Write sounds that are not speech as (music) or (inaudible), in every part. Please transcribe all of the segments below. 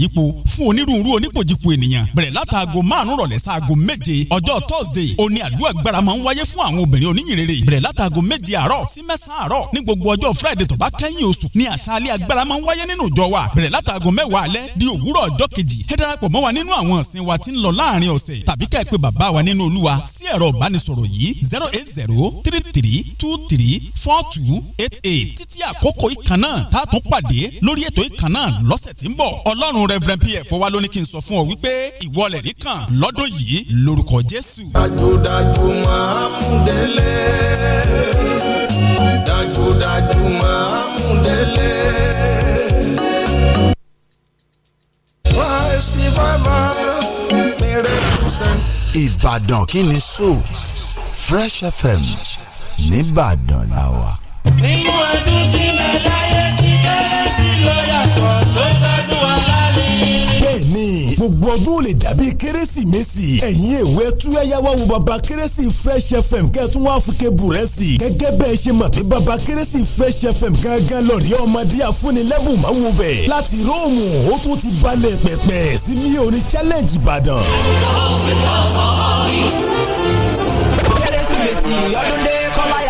yípo fún onírúurú onípòjìpò ènìyàn bẹ̀rẹ̀ látàgò márùn rọ̀lẹ́ sáago méje ọjọ́ Thursday òní àdúrà gbára máa ń wáyé fún àwọn obìnrin oníyìnrere bẹ̀rẹ̀ látàgò méje àárọ̀ sí mẹ́sàn-án àárọ̀ ní gbogbo ọjọ́ Friday tó bá kẹ́yìn oṣù ní àṣálẹ́ agbára máa ń wáyé nínú ìjọ wa bẹ̀rẹ̀ látàgò mẹ́wàá alẹ́ di òwúrọ̀ ọjọ́ kejì ẹ darapọ̀ mọ́ wa nínú àwọn ìsìn wa tí ń lọ láàrin ọ̀sẹ̀ tàbí ká ẹ pè bàbá wa nínú Olúwa sí ẹ̀rọ ìbánisọ̀rọ̀ yìí zero eight zero three three two three four two eight eight títí àkókò ìkànnà tá a tún pàdé lórí ètò ìkànnà lọ́sẹ̀ tí ń bọ̀ Ọlọ́run Reverend P.F. wa ló kí n sọ fún ọ wípé ìwọ rí kàn lọ́dún yìí lórúkọ Jésù. dájúdájú máa mú délé dájúdájú máa mú délé. Ìbàdàn kí ni so Fresh FM nìbàdàn la wà. nínú ọdún tí mẹ́láyé ti kéré sí lọ́yà tó. gbogbo ọdún ò lè dàbí kérésìmesì ẹ̀yin èwe túyáyáwá wo baba kérésì fresh fm kẹ́tún wá fún kébù rẹ̀ sí i gẹ́gẹ́ bẹ́ẹ̀ ṣe mọ̀ pé baba kérésì fresh fm gángan lọ́ọ̀rì ọmọdé àfúnilẹ́bùn máa wo bẹ̀ láti róòmù ó tún ti balẹ̀ pẹ̀pẹ̀ sílé orin challenge ìbàdàn. kérésìmesì ọdún dé kọ́láyà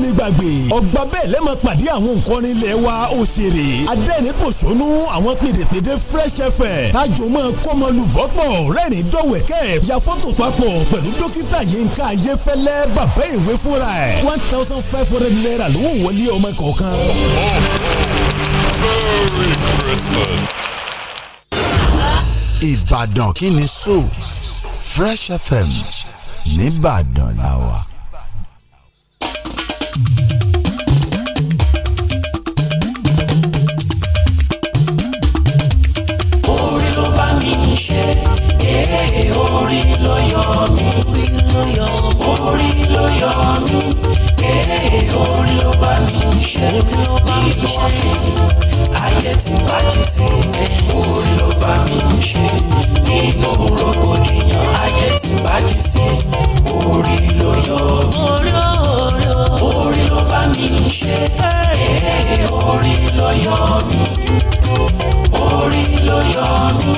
lè gbàgbé ọgbà bẹ́ẹ̀ lẹ́mọ̀ pàdé àwọn nkọrin ilẹ̀ wa òṣèré adẹ́rìnpòṣónú àwọn pèdèpèdè fresh fm tájò mọ́ kọ́mọlúbọ́pọ̀ rẹ́rìn dọ́wẹ̀kẹ́ ya fọ́tò dókítà yínká ayéfẹ́lẹ́ bàbá ìwé fúnra ẹ̀ one thousand five hundred naira lówó wọlé ọmọ kọ̀ọ̀kan. Ìbàdàn kí ni sọ Fresh FM nìbàdàn làwà. orí ló yọ mí orí ló yọ mí ee orí ló bá mi ṣe ìlú ọ̀fìn ayé tí bá jí sí orí ló bá mi ṣe nínú rògbòdìyàn ayé tí bá jí sí orí ló yọ mí orí ló bá mi ṣe ee orí ló yọ mí orí ló yọ mí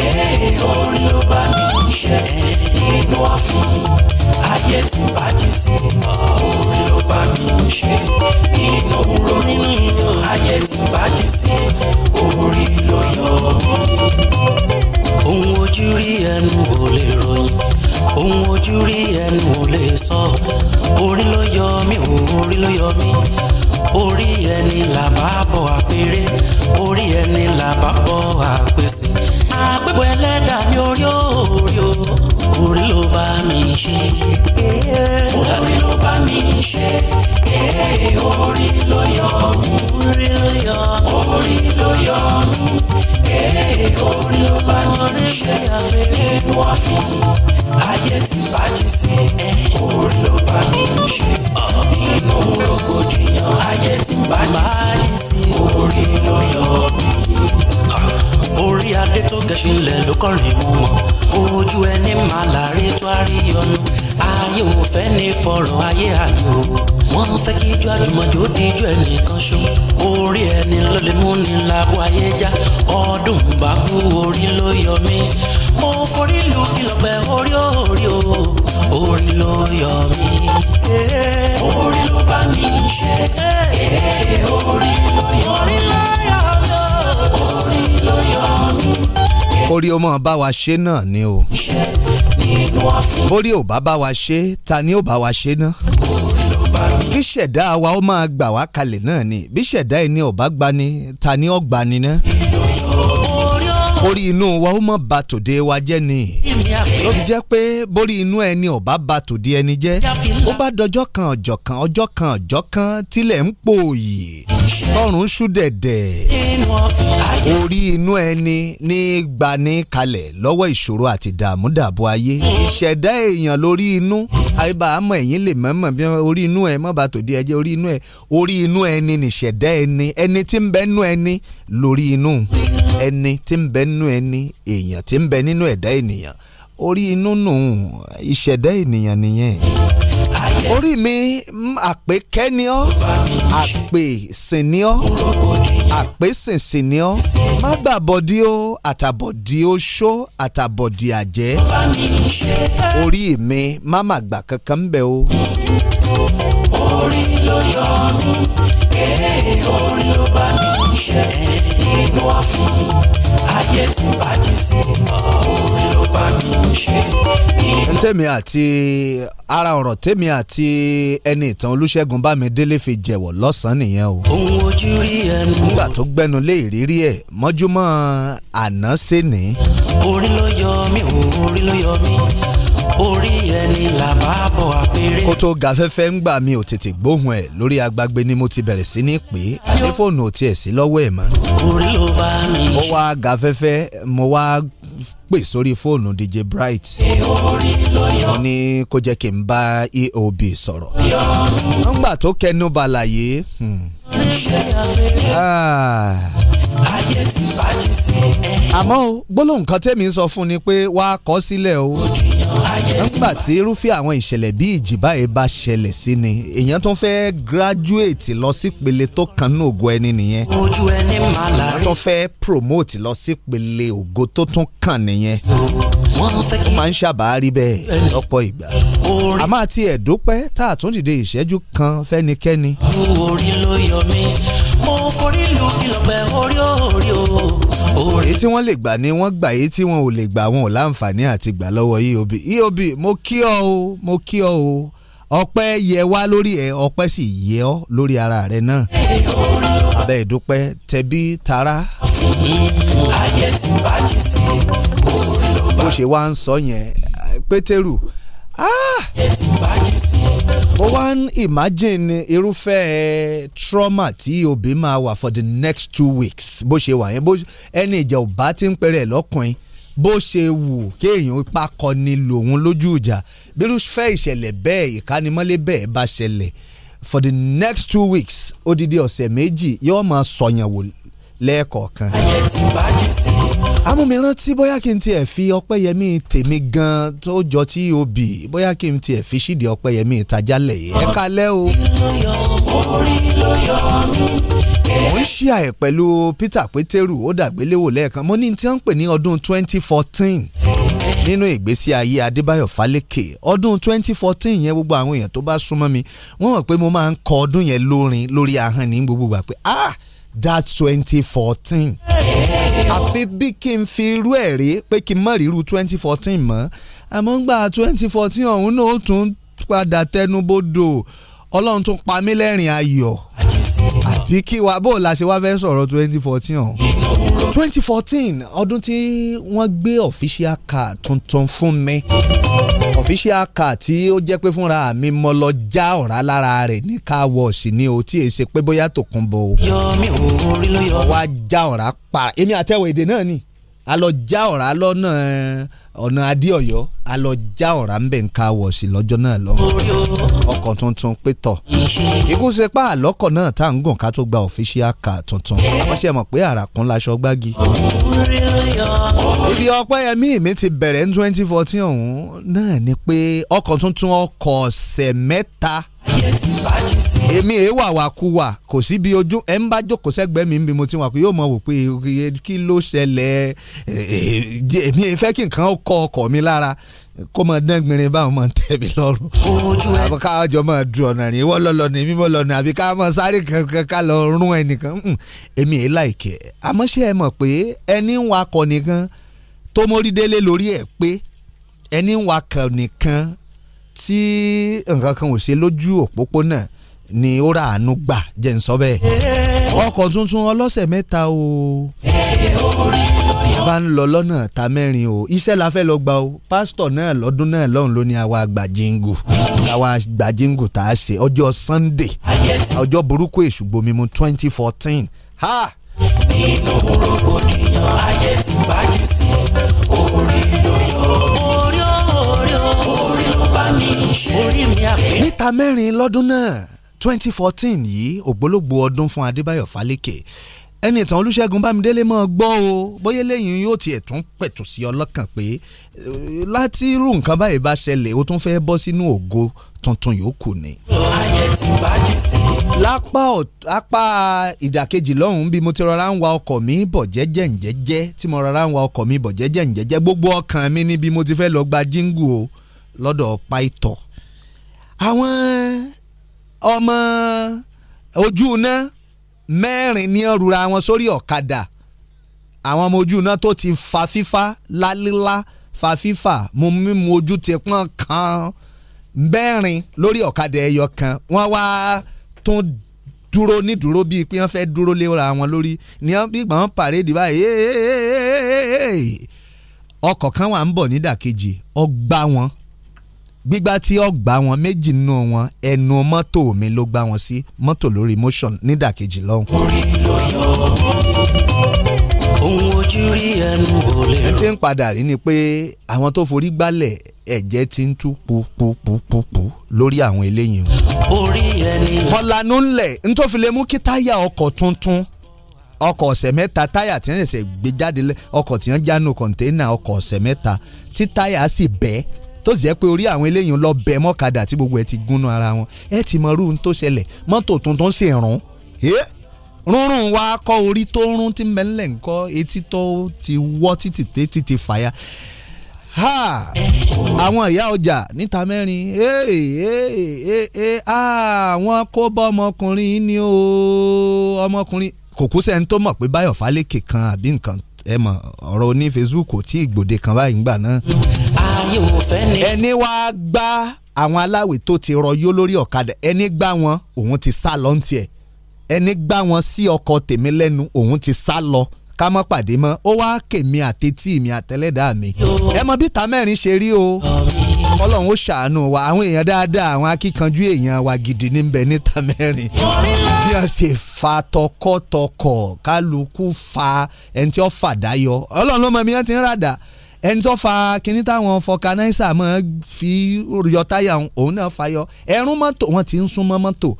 ee orí ló bá mi ṣe inú àfún ayé tí bàjẹ́ sí orí ló bá mi ṣe inú rògbò ayé tí bàjẹ́ sí orí ló yọ mí. ohun ojú rí ẹnu ò lè ròyìn ohun ojú rí ẹnu ò lè sọ orí ló yọ mí orí ló yọ mí orí ẹni làbá bọ̀ àpèrè orí ẹni làbá bọ̀ àpèsè àpèpọ̀ ẹlẹ́dàá mi orí òòrí o orí ló bá mi ṣe orí ló bá mi ṣe orí ló yọ mí orí ló yọ mí orí ló yọ mí orí. kórí ó mọ̀ bá wa ṣe náà ni o. bórí ò bá bá wa ṣe ta ni ó bá wa ṣe ná. bí ṣẹ̀dá wa ó máa gbà wá kalẹ̀ náà ni bí ṣẹ̀dá ẹni ò gbani ta ni ó gbani ná. orí inú wa ó mọ̀ bà tòde wa jẹ́ ni ló fi jẹ́ pé bórí inú ẹni ò bá ba tòdí ẹni jẹ́ ó bá dọjọ́ kan ọjọ́ kan ọjọ́ kan ọjọ́ kan tilẹ̀ ń pòòyì tọrùn ṣú dẹ̀dẹ̀ orí inú ẹni ní gbani kalẹ̀ lọ́wọ́ ìṣòro àti dààmúdàbò ayé ìṣẹ̀dá èèyàn lórí inú àyíbá àmọ́ ẹ̀yìn lè mọ̀ọ́mọ̀ bí orí inú ẹ mọ̀ bá tòdí ẹ jẹ́ orí inú ẹ orí inú ẹni nìṣẹ̀dá ẹni ẹni tí ń bẹ nú ẹni lórí inú ẹni tí ń bẹ nú ẹni èèyàn tí ń bẹ nínú ẹ̀dá ènìyàn orí inú nù ìṣẹ̀dá ènìyàn nìyẹn orí mi mm, àpèkẹ́ ni ọ́ àpèsìn ni ọ́ àpèsìnsìn ni ọ́ o gbàbọ̀dí o àtàbọ̀dí oṣó àtàbọ̀dí àjẹ́ orí mi má má gbà kankan bẹ́ẹ̀ o. tèmi àti ara ọ̀rọ̀ tèmi àti ẹni ìtàn Olúṣẹ́gun Bámidélé fi jẹ̀wọ̀ lọ́sàn-án nìyẹn o. ohun ojú rí ẹnu. nígbà tó gbẹnu lé ìrírí ẹ̀ mọ́júmọ́ àná ṣe ní. orí ló yọ mí o orí ló yọ mí orí ẹni là bá bọ̀ àpèrè. kó tó ga fẹ́fẹ́ ń gbà mí ò tètè gbóhùn ẹ̀ lórí agbágbé ni mo ti bẹ̀rẹ̀ sí ní pé àdéfóònù ò tiẹ̀ sí lọ́wọ́ ẹ̀ mọ́. orí ló bá mi. ó wá ga fẹ́fẹ́ mo wá pè sórí fóònù DJ Bright wọ́n ní kó jẹ́ kí n bá EOB sọ̀rọ̀ nígbà tó kẹnu balàyé. Hmm. Ah ayé ti bàjẹ́ sí ẹ. àmọ́ gbólóhùn kan tẹ́mi ń sọ fún ni pé wàá kọ́ sílẹ̀ o nígbà tí irúfẹ́ àwọn ìṣẹ̀lẹ̀ bí ìjì báyìí bá ṣẹlẹ̀ sí ni èèyàn tó fẹ́ gírájúètì lọ sípele tó kan ní ògo ẹni nìyẹn ojú ẹni máa la rí tó fẹ́ promote lọ sípele ògo tó tún kàn nìyẹn ó máa ń ṣàbá rí bẹ́ẹ̀ lọ́pọ̀ ìgbà àmọ́ àti ẹ̀dúpẹ́ tá a tún dìde ìṣẹ́jú kan fẹ́nikẹ́ni. mo forí lu kìlọ̀ orí ó lórí o. oore tí wọ́n lè gbà ni wọ́n gbà èyí tí wọn ò lè gbà wọn ò láǹfààní àti gbà lọ́wọ́ eob eob mo kí ọ o mo kí ọ o ọpẹ́ yẹ wá lórí ẹ ọpẹ́ sì yẹ ọ lórí ara rẹ náà abẹ́ ìdúpẹ́ tẹbí tará. ayé ti bàjẹ́ sí i bó ṣe wá ń sọ yẹn pétérù Ah! mo wá ń imagine irúfẹ́ eh, trauma tí òbí máa wà for the next two weeks bó ṣe wà yẹn bó ẹni ìjà ò bá ti ń pẹ̀rẹ̀ lọ́kùnrin bó ṣe wù kéèyàn ipa kọni lòun lójú ìjà bírúfẹ́ ìṣẹ̀lẹ̀ bẹ́ẹ̀ ìkánimọ́lé bẹ́ẹ̀ bá ṣẹlẹ̀ for the next two weeks odidi ọ̀sẹ̀ méjì yóò máa sọ̀yàn wò lẹ́ẹ̀kọ̀ọ̀kan. ayé ti bájì sí. amúmiràn tí bóyá kí n tiẹ̀ fi ọpẹ́yẹmí tèmi gan tó jọ tí o bì bóyá kí n tiẹ̀ fi ṣídìí ọpẹ́yẹmí ìtajàlẹ̀ yìí ẹ kalẹ́ o. orí ló mo ń ṣí àyè pẹ̀lú Peter Peteru ó dàgbéléwò lẹ́ẹ̀kan mo ní tí wọ́n ń pè ní ọdún 2014 nínú ìgbésí ayé Adébáyọ̀ Fálékè ọdún 2014 yẹn gbogbo àwọn èèyàn tó bá súnmọ́ mi wọ́n mọ̀ pé mo máa ń kọ ọdún yẹn lórin lórí ahọ́n ní gbogbo gbà pé ah That's twenty fourteen àfi bí kí n fi irú ẹ̀ rí pé kí n mọ̀ ríru twenty fourteen mọ́ àmọ́ ngbà twenty fourteen ọ̀hún náà ó tún padà tẹnubodò ọlọ́run tún pa mí lẹ́rìn ayọ̀ àbí kí wa bó la ṣe wá fẹ́ sọ̀rọ̀ twenty fourteen ọ̀hún twenty fourteen ọdún tí wọ́n gbé official car tuntun fún mi official car tí ó jẹ́ pé fúnra mi mo lọ já ọ̀rá lára rẹ̀ ní car wash ni o tí èsè pé bóyá tó kún bo. mi ò rí ló yọ. wá já ọ̀rá pa èmi àtẹ̀wé èdè náà ni a lọ já ọ̀rá lọ́nà ọ̀nà adéọ̀yọ́ a lọ já ọ̀rá ńbẹ̀ ń ka wọ̀ sí lọ́jọ́ náà lọ́wọ́ ọkọ̀ tuntun pétọ̀ ikú ṣe pa àlọ́kọ̀ náà tá à ń gùn ká tó gba official car tuntun wọ́n ṣe mọ̀ pé àràkún laṣọ gbági. ibi Ọpẹ́yẹmí mi ti bẹ̀rẹ̀ ní twenty fourteen ọ̀hún náà ni pé ọkọ̀ tuntun ọkọ̀ ọ̀sẹ̀ mẹ́ta èmi èé wà wà kú wà kò sí bí ojú ẹ ń bá jókòó sẹ́gbẹ̀ẹ́ mi bí mo ti wà kú yóò mọ̀ wò pé kí ló ṣẹlẹ̀ èmi èé fẹ́ kí nǹkan kọ ọkọ̀ mi lára kó mọ dẹ́gbìnrin báwọn mọ tẹ̀mí lọ́rùn àbí káwọn jọ mọ du ọ̀nà rìn wọ́n lọ́lọ́ ní mímọ́ lọ́nà àbí káwọn mọ sáré kankan ká lọ rún ẹnìkan hmm, èmi èé láìkẹ́ àmọ́ ṣé ẹ mọ̀ pé ẹni ń wakọ̀ nìkan tó mórí délé lórí ẹ̀ pé ẹni ń wakọ̀ nìkan tí nǹkan kan ò ṣe lójú òpópónà ni ó rà àánú gbà jẹ́ ń sọ bẹ́ẹ̀ ọkọ̀ tuntun ọlọ́sẹ̀ mẹ́ta o bá ń lọ lọ́nà ta mẹ́rin o iṣẹ́ la fẹ́ lọ gba o pásítọ̀ náà lọ́dún náà lọ́hùn ló ní àwa gbàjíǹgù àwa gbàjíǹgù tá a ṣe ọjọ́ Sunday ọjọ́ burúkú èṣùgbò mímu twenty fourteen ha nínú rògbòdìyàn ayé tí bájì sí orí ló orí mi àpé. níta mẹ́rin lọ́dún náà twenty fourteen yìí ògbólógbòó ọdún fún Adébáyọ̀ Fálékè ẹni ìtàn Olúṣẹ́gun Bámidélé mọ́ gbọ́ o bóyá lẹ́yìn yóò tiẹ̀ tún pẹ̀tù sí ọlọ́kàn pé láti irú nǹkan báyìí bá ṣẹlẹ̀ ó tún fẹ́ẹ́ bọ́ sínú ògo tuntun yòókù ni. ayé ti bájì sí. lápá apá ìdàkejì lọ́hùn-ún bí mo ti rọra ń wa ọkọ̀ mi bọ̀ jẹ́jẹ́ ǹjẹ́jẹ́ tí mo rọra ń wa ọkọ̀ mi bọ̀ jẹ́jẹ́ ǹjẹ́jẹ́ gbogbo ọkàn mi ni bí mo ti fẹ́ lọ gba jíngù o lọ́dọ̀ pàìtọ́ àwọn ọmọ ojú iná mẹ́rin ní ọ̀rùra wọn sórí ọ̀kadà àwọn ọmọ ojú iná tó ti fa fífa lálílá fa fífa mu mímu ojú ti pọ́n kan mẹ́rin lórí ọ̀kadà ẹyọ kan wọ́n wá tún dúró nídúró bíi pé wọ́n fẹ́ dúró léra wọn lórí ní wọ́n bí gbọ́n pàrẹ́dì báyìí ọkọ̀ kan wà ń bọ̀ nídàkejì ọgbà wọn gbígbá tí ọgbà wọn méjì nínú wọn ẹnu mọ́tò mi ló gbá wọn sí mọ́tò lórí motion nídàkejì lọ́hùn. orí ló yọ ohun ojú rí ẹnu ò lè rò. ti ń padà rí ni pé àwọn tó forí gbálẹ̀ ẹ̀jẹ̀ ti ń tú pupupupupu lórí àwọn eléyìí. orí ẹni náà. kọlanu ńlẹ̀ ń lè mú kí táyà ọkọ̀ tuntun ọkọ̀ ọ̀sẹ̀ mẹ́ta táyà tí wọ́n ṣẹ̀ṣẹ̀ gbé jáde ọkọ̀ tí wọ́n jánu kọ̀ńténà ọkọ̀ ọ̀sẹ̀ mẹ́ta tí táyà sì bẹ́ẹ̀ tó sì jẹ́ pé orí àwọn eléyìí lọ bẹ mọ́kadà tí gbogbo ẹ̀ ti gúnnú ara wọn ẹ ti mọ irú tó ṣẹlẹ̀ mọ́tò tuntun sì rún rúnrún wa kọ́ orí tó rún tí mẹ́lẹ̀ ń kọ́ etí tó ti wọ́ títì títì ti fàya ha àwọn ìyá ọjà níta mẹ́rin àwọn kó bọ́ ọmọkùnrin ni o ọmọkùnrin kòkó sẹ́ni tó mọ̀ pé Báyọ̀ Fálékè kan àbí nǹkan ẹ mọ̀ ọ̀rọ̀ ní Facebook ò tí ì gbòde kan báyìí ń gbà náà ayé ò fẹ́ ni. ẹni wàá gbá àwọn aláwẹ̀ tó ti rọyó lórí ọ̀kadà ẹni gbá wọn òun ti sá lọ ntiẹ̀ ẹni gbá wọn sí ọkọ̀ tèmi lẹ́nu òun ti sá lọ ká mọ́ pàdé mọ́ ó wá kèmí àtẹ́tí mi àtẹ́lẹ́dá mi ẹ mọ bí ta mẹ́rin ṣe rí o ọlọ́run ó ṣàánú wa àwọn èèyàn dáadáa àwọn akíkanjú èèyàn wa gidi níbẹ̀ níta mẹ́rin bí wọ́n ṣe fa tọkọ́tọkọ̀ kálukú fa ẹni tí wọ́n fàdáyọ ọlọ́run ló mọ mi wọ́n ti ń ràdà ẹni tó fa kinní táwọn fọkanáísà máa fi yọ táyà òun náà fayọ ẹrún mọ́tò wọ́n ti ń sún mọ́ mọ́tò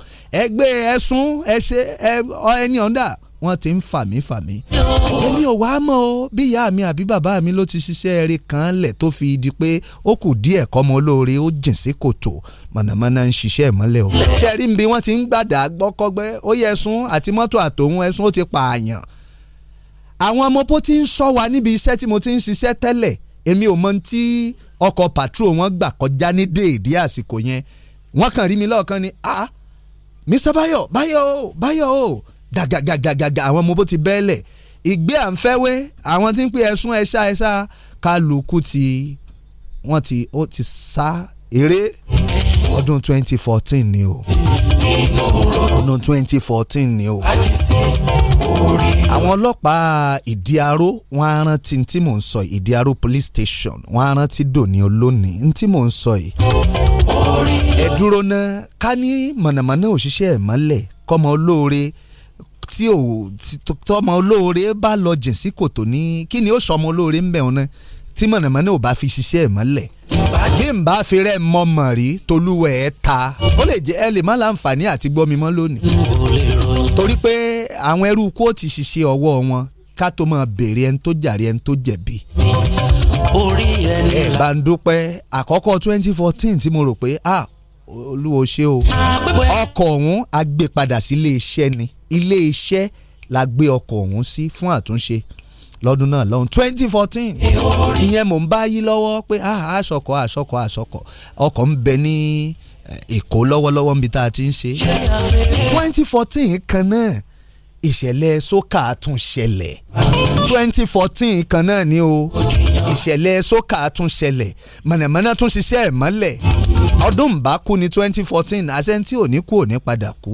ẹgbẹ́ ẹ̀sùn ẹ̀ṣẹ̀ ẹni ọ̀ndà wọ́n ti ń fàmí fàmí. èmi ò wá mọ̀ o bí ìyá mi àbí bàbá mi ló ti ṣiṣẹ́ eré kan lẹ̀ tó fi di pé ó kù díẹ̀ kọ́mọ olóore ó jìn sí kòtò mọ̀nàmọ́ná ń ṣiṣẹ́ ìmọ́lẹ̀ o. ṣẹ́rí bí wọ́n ti ń gbàdá gbọ́kọ́gbẹ́ ó yẹ ẹ̀sùn àti mọ́tò àtòun ẹ̀sùn ó ti pààyàn àwọn ọmọpó ti ń sọ wa níbi iṣẹ́ tí mo ti ń ṣiṣẹ́ tẹ́lẹ̀ èmi ò mọ tí ọkọ̀ patrol wọn gbà kọjá ní déèdé àsìkò yẹn wọ́n kàn rí mi lọ́ọ̀kan ni ah Mr. Bayo Bayo Bayo gàgàgàgàgà àwọn ọmọpó ti bẹ́ẹ̀lẹ̀ ìgbé à àwọn tí ń pè ẹ̀sùn ẹ̀ṣá ẹ̀ṣá kálukú ti wọ́n ti ó ti sá eré ọdún 2014 ni o ọdún 2014 ni o orí. àwọn ọlọ́pàá ìdíaró wọn á tí mò ń sọ yìí ìdíaró police station wọn á rántí dòní olónìí ní tí mò ń sọ yìí. orí. ẹ dúró ná ká ní mọ̀nàmọ́ná òṣìṣẹ́ ẹ̀ mọ́lẹ̀ kọ́mọ olóore tí ò tọmọ olóore bá lọ jìn sí kòtò ní kí ni ó sọmọ olóore ń bẹ̀ náà tí mọ̀nàmọ́ná ò bá fi ṣiṣẹ́ ẹ̀ mọ́lẹ̀. bí n bá fi rẹ̀ mọ mọ̀ tolúwẹ̀ ẹ̀ ta ó lè jẹ́ ẹ lè má láǹfààní àti gbọ́ lónìí torí pé àwọn ẹrú kú ó ti ṣiṣẹ́ ọwọ́ wọn ká tó máa béèrè ẹni tó jàre ẹni tó jẹ̀bi. ẹ bá ń dúpẹ́ àkọ́kọ́ twenty tí mo rò pé ah olúwo ṣe o ọkọ̀ ọ̀hún a sí ilé ni ilé iṣẹ́ la gbé ọkọ̀ ọ̀hún sí fún àtúnṣe lọ́dún náà lọ́hùn twenty ìyẹn mò ń bá yí lọ́wọ́ pé ah àṣọkọ̀ àṣọkọ̀ àṣọkọ̀ ọkọ̀ ń bẹ ní èkó lọ́wọ́lọ́wọ́ níbi tá a ti ń ṣe. twenty fourteen kan náà ìṣẹ̀lẹ̀ sókà tún ṣẹlẹ̀ twenty fourteen kan náà ni o ìṣẹ̀lẹ̀ sókà tún ṣẹlẹ̀ mọ̀nàmọ́ná tún ṣiṣẹ́ ẹ̀ mọ́lẹ̀ ọdún bá kú ní twenty fourteen àṣẹǹtì òní kú òní padà kú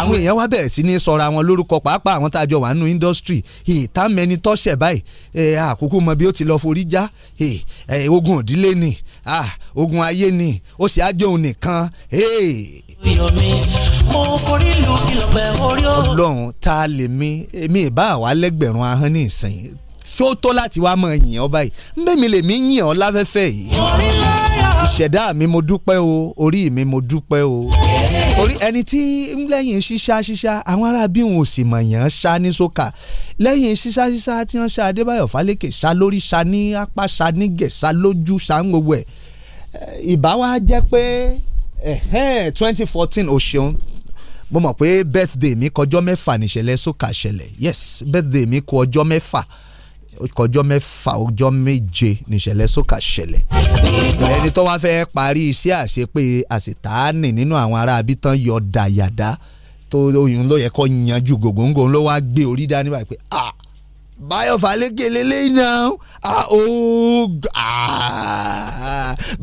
àwọn èèyàn wá bẹ̀rẹ̀ sí ní sọra wọn lórúkọ pàápàá àwọn tá a jọ wà nínú industry ìta mẹni tọ́ṣẹ̀ báyìí àkókò mọ bí ó ti lọ forí já ogun òdílé ni Ah, ogun ayé ni ó sì á jóun nìkan. mo forí lu ìlọ̀pẹ̀ orí o. ọlọ́run ta lèmi èmi ìbá àwa lẹ́gbẹ̀rún ahọ́n ní ìsìn ṣé ó tó láti wá mọ̀ yìn ọ́ báyìí mbẹ́mi lèmi yìn ọ́ láfẹ́fẹ́ yìí. ìṣẹ̀dá mi mo dúpẹ́ o orí mi mo dúpẹ́ o torí ẹni tí lẹ́yìn ṣíṣá ṣíṣá àwọn ará bí wọn ò sì mọ̀yàn ṣá ní sókà lẹ́yìn ṣíṣá ṣíṣá tí wọ́n ṣá Adébáyọ̀ Fálékè ṣá lórí ṣá ní apá ṣá ní gẹ̀ ṣá lójú ṣá ń gbogbo ẹ̀ ìbá wa jẹ́ pé twenty fourteen o ṣeun mo mọ̀ pé birthday mi kọjọ́ mẹ́fà níṣẹ̀lẹ̀ sókà ṣẹlẹ̀ yes birthday mi kọ mẹ́fà kọjọ́ mẹ́fà ọjọ́ méje níṣẹ̀lẹ̀ sókà ṣẹlẹ̀ ẹni tó wá fẹ́ parí iṣẹ́ àṣepé àṣetáàní nínú àwọn ará abítán yọ dàyàdá tó oyún ló yẹ kó yanjú gògóńgò ló wá gbé orí dání báyìí pé ah Báyọ̀ Fálékè lélẹ́yìn náà ó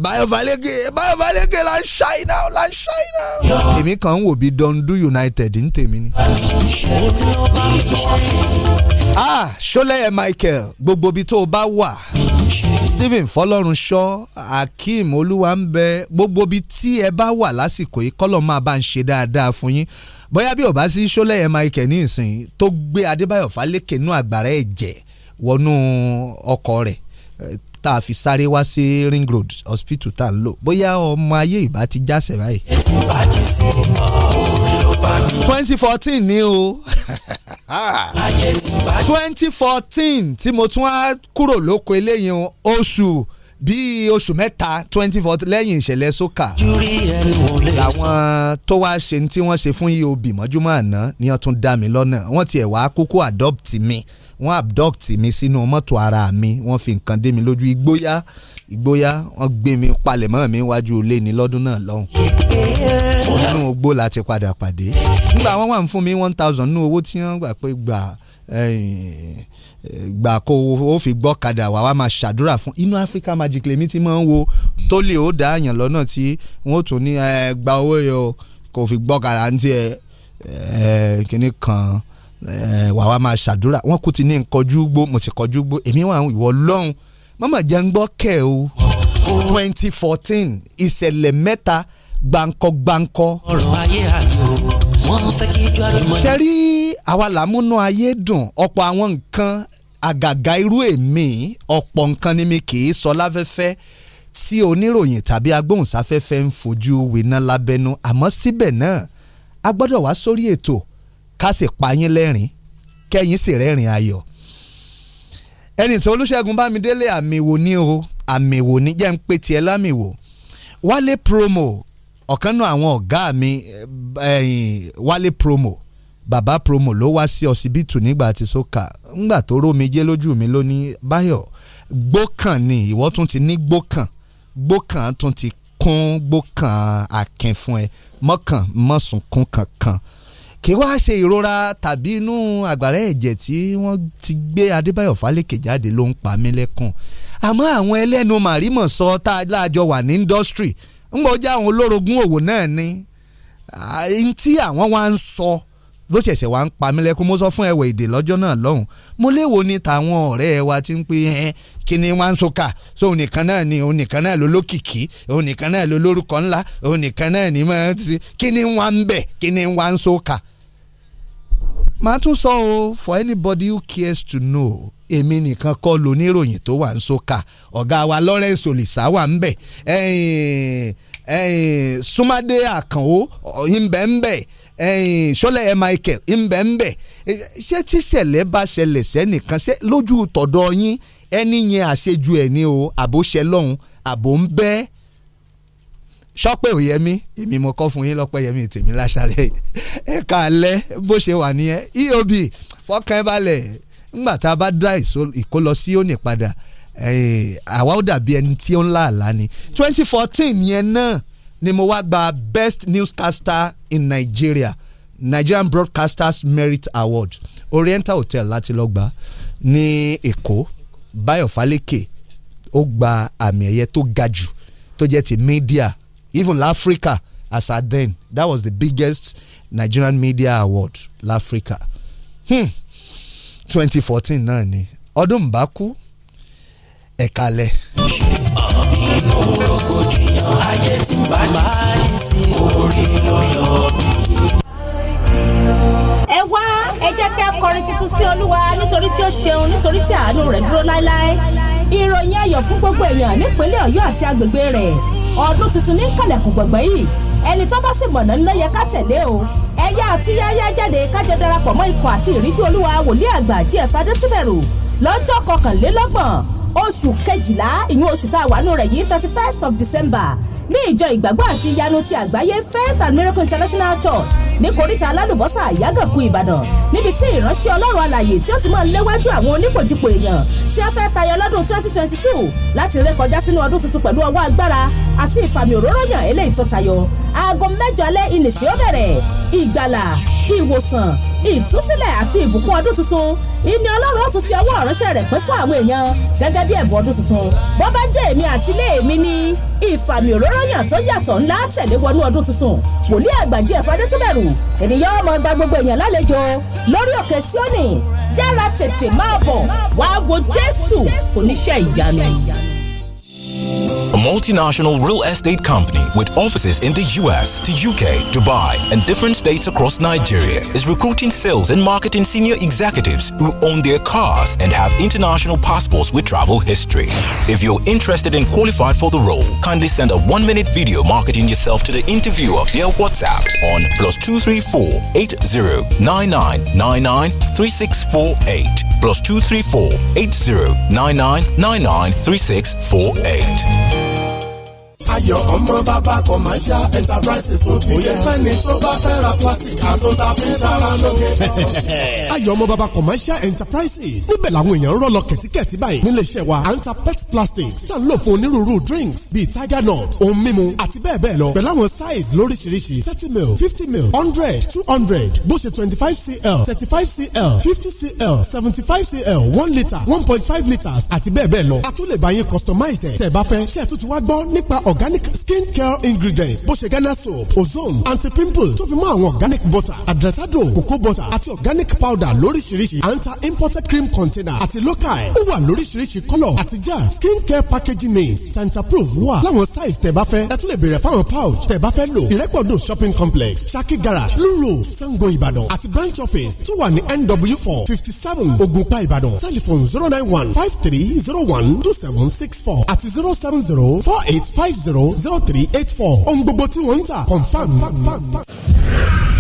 Báyọ̀ Fálékè Báyọ̀ Fálékè là ń ṣáì náà là ń ṣáì náà. èmi kan ń wò bí Dundu United ń tèmi ni. ah ṣọlẹ́yẹ Michael gbogbo ibi tó o bá wà Stephen Fọlọ́runṣọ́ Akeem Olúwanbẹ gbogbo ibi tí ẹ bá wà lásìkò yìí kọ́lọ́ máa bá ń ṣe dáadáa fún yín bóyá bí ó bá sí sólẹ́yẹ Michael ní ìsìn tó gbé Adébáyọ̀ Fálékè nú àgbàrá ẹ̀jẹ̀ wọnú ọkọ̀ rẹ̀ eh, tá a fi sáré wá sí Ring Road Hospital tá a ń lò bóyá ọmọ ayé ìbá ti jásẹ̀ báyìí. etí bàjẹ́ sí ọ̀hún ló bá mi. twenty fourteen ni o (laughs) twenty fourteen tí mo tún á kúrò lóko eléyìí oṣù bíi oṣù mẹ́ta twenty four lẹ́yìn ìṣẹ̀lẹ̀ sókà làwọn tó wá ṣe tí wọ́n ṣe fún yìí òbí mọ́júmọ́ àná ni wọ́n tún dá mi lọ́nà wọ́n tiẹ̀ wá kúkú adopt mi wọ́n abduct mi sínú mọ́tò ara mi wọ́n fi nǹkan dé mi lójú ìgbóyà ìgbóyà wọ́n gbé mi palẹ̀ mi wájú ilé ni lọ́dún náà lọ́hùn. nínú ogbó la ti padà pàdé nígbà wọ́n wà fún mi one thousand nínú owó tí wọ́n gbà pé gbà á gbà kó o fi gbọ́ kadà wà wá máa ṣàdúrà fún inú Africa Magic lèmi ti máa ń wo tó lè ó dá àyàn lọ́nà tí wọ́n tún ní gba owó yẹn o kò fi gbọ́ kadà ní tiẹ̀ kíní kan wà wá máa ṣàdúrà wọ́n kú ti ní nkọjú gbó mo ti kọjú gbó èmi wà ìwọ lọ́hùn mọ́mọ́ jẹ́ ń gbọ́ kẹ́ o twenty fourteen ìṣẹ̀lẹ̀ mẹ́ta gbàǹkọ̀gbàǹkọ̀. ọ̀rọ̀ àwa làmúnú ayé dùn ọ̀pọ̀ àwọn nǹkan àgàgà irú èmi ọ̀pọ̀ nǹkan ni mi kì í sọ láfẹ́fẹ́ tí oníròyìn tàbí agbóhùnsáfẹ́fẹ́ ń fojú winá lábẹ́nú àmọ́ síbẹ̀ náà a gbọ́dọ̀ wá sórí ètò ká sì pa lẹ́rìn kẹ́yìn sì rẹ́rìn ayọ̀ ẹni tí Olúṣẹ́gun Bámidélé àmì wò ní o àmì wò ní jẹ́ ń pè tiẹ̀ lámì wò Wálé Promo ọ̀kan náà àwọn ọ̀gá mi Wálé Promo baba promo ló wá sí ọsibítù nígbà tí soka ńgbà tó rómijé lójú mi ló báyọ̀ gbókàn ni ìwọ tún ti ní gbókàn gbókàn tún ti kún gbókàn àkìn fún ẹ mọ́kàn mọ́sùnkún kankan kì í wá ṣe ìrora tàbí inú àgbàrá ẹ̀jẹ̀ tí wọ́n ti gbé adébáyọ̀ fálékè jáde ló ń pa mí lẹ́kùn àmọ́ àwọn ẹlẹ́nu màrímọ̀ sọ tá a láàjọ wà ní indọ́strì ń bọ́jà àwọn olórogún òwò náà ni ntí àwọn wá ń sọ. So ló ṣẹ̀ṣẹ̀ wá ń pa mí lẹ́kún mo sọ fún èdè lọ́jọ́ náà lọ́hùn mo léwo ni tàwọn ọ̀rẹ́ wa ti ń pè ẹ́ kí ni wọ́n so ka so nìkan náà ni òun nìkan náà ló lókìkí òun nìkan náà ló lórúkọ ńlá òun nìkan náà ni mọ́ ti kí ni wọ́n ń bẹ̀ kí ni wọ́n ń màá tún sọ o for anybody who cares to know èmi nìkan sọlẹ̀ michael ńbẹ̀ńbẹ̀ ṣé tíṣẹ̀lẹ̀ bá ṣẹlẹ̀ sẹ́nìkan ṣé lójú tọ̀dọ̀ yín ẹni yẹn àṣejù ẹ̀ ní o àbò ṣẹ lọ́hùn àbò ń bẹ́ sọpẹ́ òyẹ́mí èmi mo kọ́ fún yín lọ́pẹ́ yẹ́mí tèmi láṣàlẹ̀ ẹ kàlẹ́ bó ṣe wà nìyẹn eob fọkàn balẹ̀ ńgbà tá a bá dá ìkólọ sí òní padà àwa ó dàbí ẹni tí ó ń lá ni twenty fourteen yẹn náà ni mo wá gba best newscaster in Nigeria Nigerian Broadcasters Merit Award Oriental Hotel láti lọ gbà ní Èkó Báyọ̀ Fálékè ó gba àmì ẹ̀yẹ tó ga jù tó jẹ́ ti media even l'Africa as at then that was the biggest Nigerian media award l'Africa hmm. 2014 náà ni ọdún mbàkú ẹ̀kalẹ̀. àbí ayé tí màá yí sí orí ló yọ mí. ẹ wá ẹ jẹ́ kí a kọrin tuntun sí olúwa nítorí tí ó ṣeun nítorí tí àánú rẹ̀ dúró láéláé ìròyìn ayọ̀ fún gbogbo èèyàn nípínlẹ̀ ọ̀yọ́ àti agbègbè rẹ̀ ọdún tuntun ní kàlẹ̀kùn gbọ̀ngbọ̀n yìí ẹni tó bá sì mọ̀nà ńlọ yẹ ká tẹ̀lé o ẹ̀yà àti yáyá jáde kájọ darapọ̀ mọ́ ikọ̀ àti ìríjú olúwa wòlíì àgbà jí ẹ̀fà lọ́jọ́ kọkànlélọ́gbọ̀n oṣù kejìlá ìyún oṣù tá a wà nù rẹ̀ yìí thirty first of December ní ìjọ ìgbàgbọ́ àti ìyanu ti àgbáyé first and Miracle International Church ní koríta alálùbọ́sà àyágànkù Ìbàdàn níbi tí ìránṣẹ́ Ọlọ́run alàyè tí ó ti máa ń léwájú àwọn onípòjìpò èèyàn tí a fẹ́ tayọ lọ́dún 2022 láti rékọjá sínú ọdún tuntun pẹ̀lú ọwọ́ agbára àti ìfàmì òróró yàn eléyìí tó tayọ aago mẹ́jọ alẹ́ ìnìsí ó bẹ̀rẹ̀ ìgbàlà ìwòsàn ìtúsílẹ̀ àti ìbùkún ọdún tuntun ìní ọlọ́run ó fi ọwọ́ ìránṣẹ́ rẹ̀ pín fún àwọn èèyàn gẹ́gẹ́ bí ẹ̀bùn ọdún tuntun bó bá jẹ́ èmi àti ilé èmi ni ìfàmì òróróyàn tó yàtọ̀ ńlá tẹ̀lé wọnú ọdún tuntun wòlíì àgbàjì ẹ̀fọ́dẹ́túbẹ̀rù ènìyàn ọmọ gba gbogbo èèyàn lálejò lórí òkè Síónì yára tètè máa bọ̀ wàá wo Jésù oníṣẹ́ ìyanu. A multinational real estate company with offices in the US, the UK, Dubai, and different states across Nigeria is recruiting sales and marketing senior executives who own their cars and have international passports with travel history. If you're interested and qualified for the role, kindly send a one minute video marketing yourself to the interviewer via WhatsApp on plus 234 8099993648 plus 234 8099993648. ayọ̀ ọmọ bàbá commercial enterprises tó ti yẹ fẹ́ni tó bá fẹ́ ra plastic àtúntà fi ṣára lóge. (laughs) ayọ̀ ọmọ bàbá commercial enterprises síbẹ̀ làwọn èèyàn ń rọ́lọ kẹ̀tíkẹ̀tí báyìí nílé iṣẹ́ wa à pet plastics tá à ń lò fún onírúurú drinks bíi tiger nut ohun mímu àti bẹ́ẹ̀ bẹ́ẹ̀ lọ pẹ̀lú àwọn size lóríṣiríṣi thirty mil fifty mil hundred two hundred bó ṣe twenty five cl thirty five cl fifty cl seventy five cl one litre one point five litres àti bẹ́ẹ̀ bẹ́ẹ̀ lọ a tún customize ẹ̀ tẹ̀ bá fẹ́ ṣe é tún ti wá gbọ́ nípa ọ̀gá organic skin care ingredients bó ṣe Ghana soap ozone anti-pimple tó fi mọ́ àwọn organic butter adretado cocoa butter àti organic powder lóríṣiríṣi à imported cream container àti local ó wà lóríṣiríṣi colour àti jar skin care packaging names Santaproof wà láwọn size tẹ́ bá fẹ́ ẹ tún lè béèrè fáwọn pouch tẹ́ bá fẹ́ lò ìrẹ́pọ̀dùn shopping complex Saki garage Blue Roof Sango Ìbàdàn àti branch office tó wà ní NW four fifty seven Ògùnpa Ìbàdàn telephone zero nine one five three zero one two seven six four àti zero seven zero four eight five zero zero three eight four ohun gbogbo tí wọ́n ń tà confam.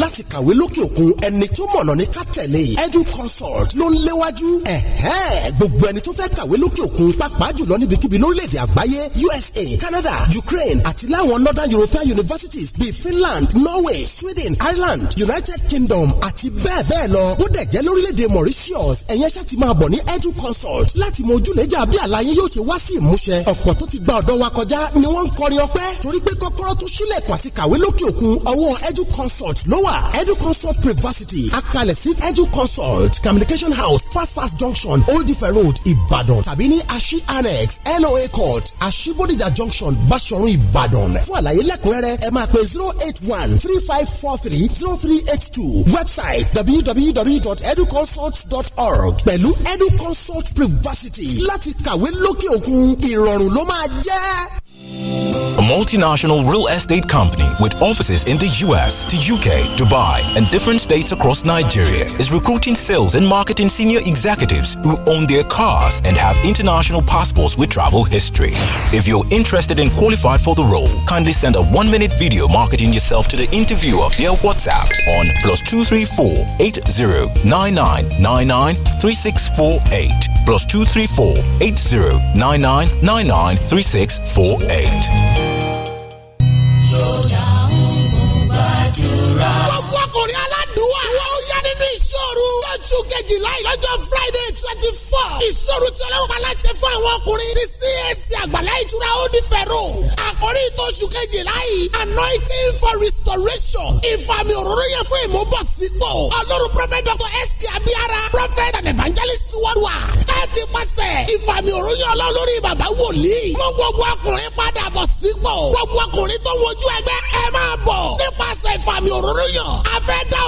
láti kàwé lókè òkun ẹni tó mọ̀nà ní ká tẹ̀lé edu consult ló ń léwájú ẹ̀hẹ́n gbogbo ẹni tó fẹ́ kàwé lókè òkun pàápàá jùlọ níbikíbi lórílẹ̀‐èdè àgbáyé USA Canada Ukraine àti láwọn northern European universities bíi Finland Norway Sweden Ireland United Kingdom àti bẹ́ẹ̀ bẹ́ẹ̀ lọ bó dẹ̀ jẹ́ lórílẹ̀‐èdè Mauritius ẹ̀yẹn ṣá ti máa bọ̀ ní edu consult láti mọ ojúlẹ̀jà bí àlàyé yóò ṣe wá sí ìmúṣẹ ọ̀pọ̀ tó ti gba ọ̀dọ́ wa kọjá ni wọ́n ń kọrin ọpẹ́ torí pé kọ́kọ́rọ́ tó ṣílẹ̀kùn àti kàwé lókè òkun ọwọ́ edu consult ló w wà educonsult privacy akalẹ̀ sí educonsult communication house fast fast junction old ife road ìbàdàn tàbí ní ashi annex L.O.A court ashibodija junction basọ̀run ìbàdàn fún àlàyé lẹ́kùnrẹ́rẹ́ ẹ máa pè zero eight one three five four three zero three eight two website www.educonsult.org pẹ̀lú educonsult privacy láti kàwé lókè òkun ìrọ̀rùn ló máa jẹ́. multinational real estate company with offices in the US, the UK, Dubai, and different states across Nigeria, is recruiting sales and marketing senior executives who own their cars and have international passports with travel history. If you're interested and qualified for the role, kindly send a one minute video marketing yourself to the interviewer via WhatsApp on plus 234 8099993648 plus 234 8099993648. oṣù kejìlá ìlọ́jọ́ friday twenty four ìṣòro tí ọlọ́run máa láṣẹ fún àwọn ọkùnrin ní csc àgbàlá ìtura onífẹ̀ road àkórí ètò oṣù kejìlá yìí anointing for restoration ìfàmì òróró yẹn fún ìmúbọ̀sípò ọlọ́run prophet dr sk abiara prophet and evangelist wọ́dùwà káàtì pàṣẹ ìfàmì òróró yẹn ọlọ́run lórí bàbá wòlíì mú gbogbo ọkùnrin padà bọ̀ sípò gbogbo ọkùnrin tó wojú ẹgbẹ́ ẹ máa bọ̀ nípasẹ̀ ìfàmì òróró yẹn a fẹ́ dá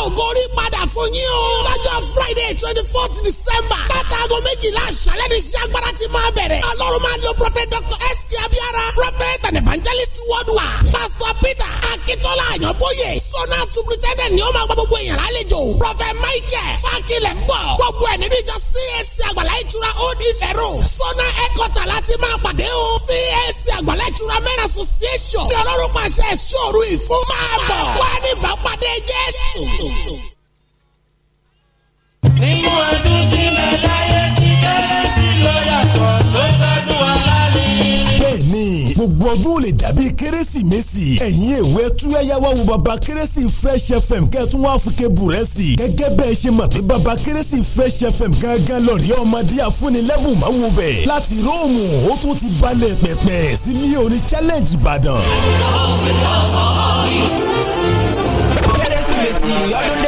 friday twenty fourth december látàgọ méjìlá àṣálẹ́ ní iṣẹ́ agbára ti máa bẹ̀rẹ̀ ọlọ́run máa lo prophet dr s k abiara prophet and evangelist worldwide pastor peter akitola ayanboye sona superintendent ni ó máa gba gbogbo èèyàn lálejò prophet michael fakilẹ̀ ń bọ̀ gbogbo ẹ̀ nínú ìjọ csc àgbàlá ìtura old ife road sona headquarter láti máa pàdé o csc àgbàlá ìtura men association ní ọlọ́run pàṣẹ ìṣòro ìfún máa bọ̀ wá ní ìbápadé jésù nínú ọdún tí mẹ́láyé ti kérésì ló yàtọ̀ ló gbádùn alálẹ́. bẹ́ẹ̀ni gbogbo ọdún ò lè dàbí kérésìmesì ẹ̀yin èwe túyáyáwá wo baba kérésì fresh fm kẹ́tún wá fún kébùrẹ́sì gẹ́gẹ́ bẹ́ẹ̀ ṣe mọ̀ pé baba kérésì fresh fm gángan lọ́ọ̀rì ọmọdé àfúnilẹ́bùn máa wo bẹ̀ láti róòmù ó tún ti balẹ̀ pẹ̀pẹ̀ sílé orin challenge ìbàdàn. kérésìmesì ọdún dé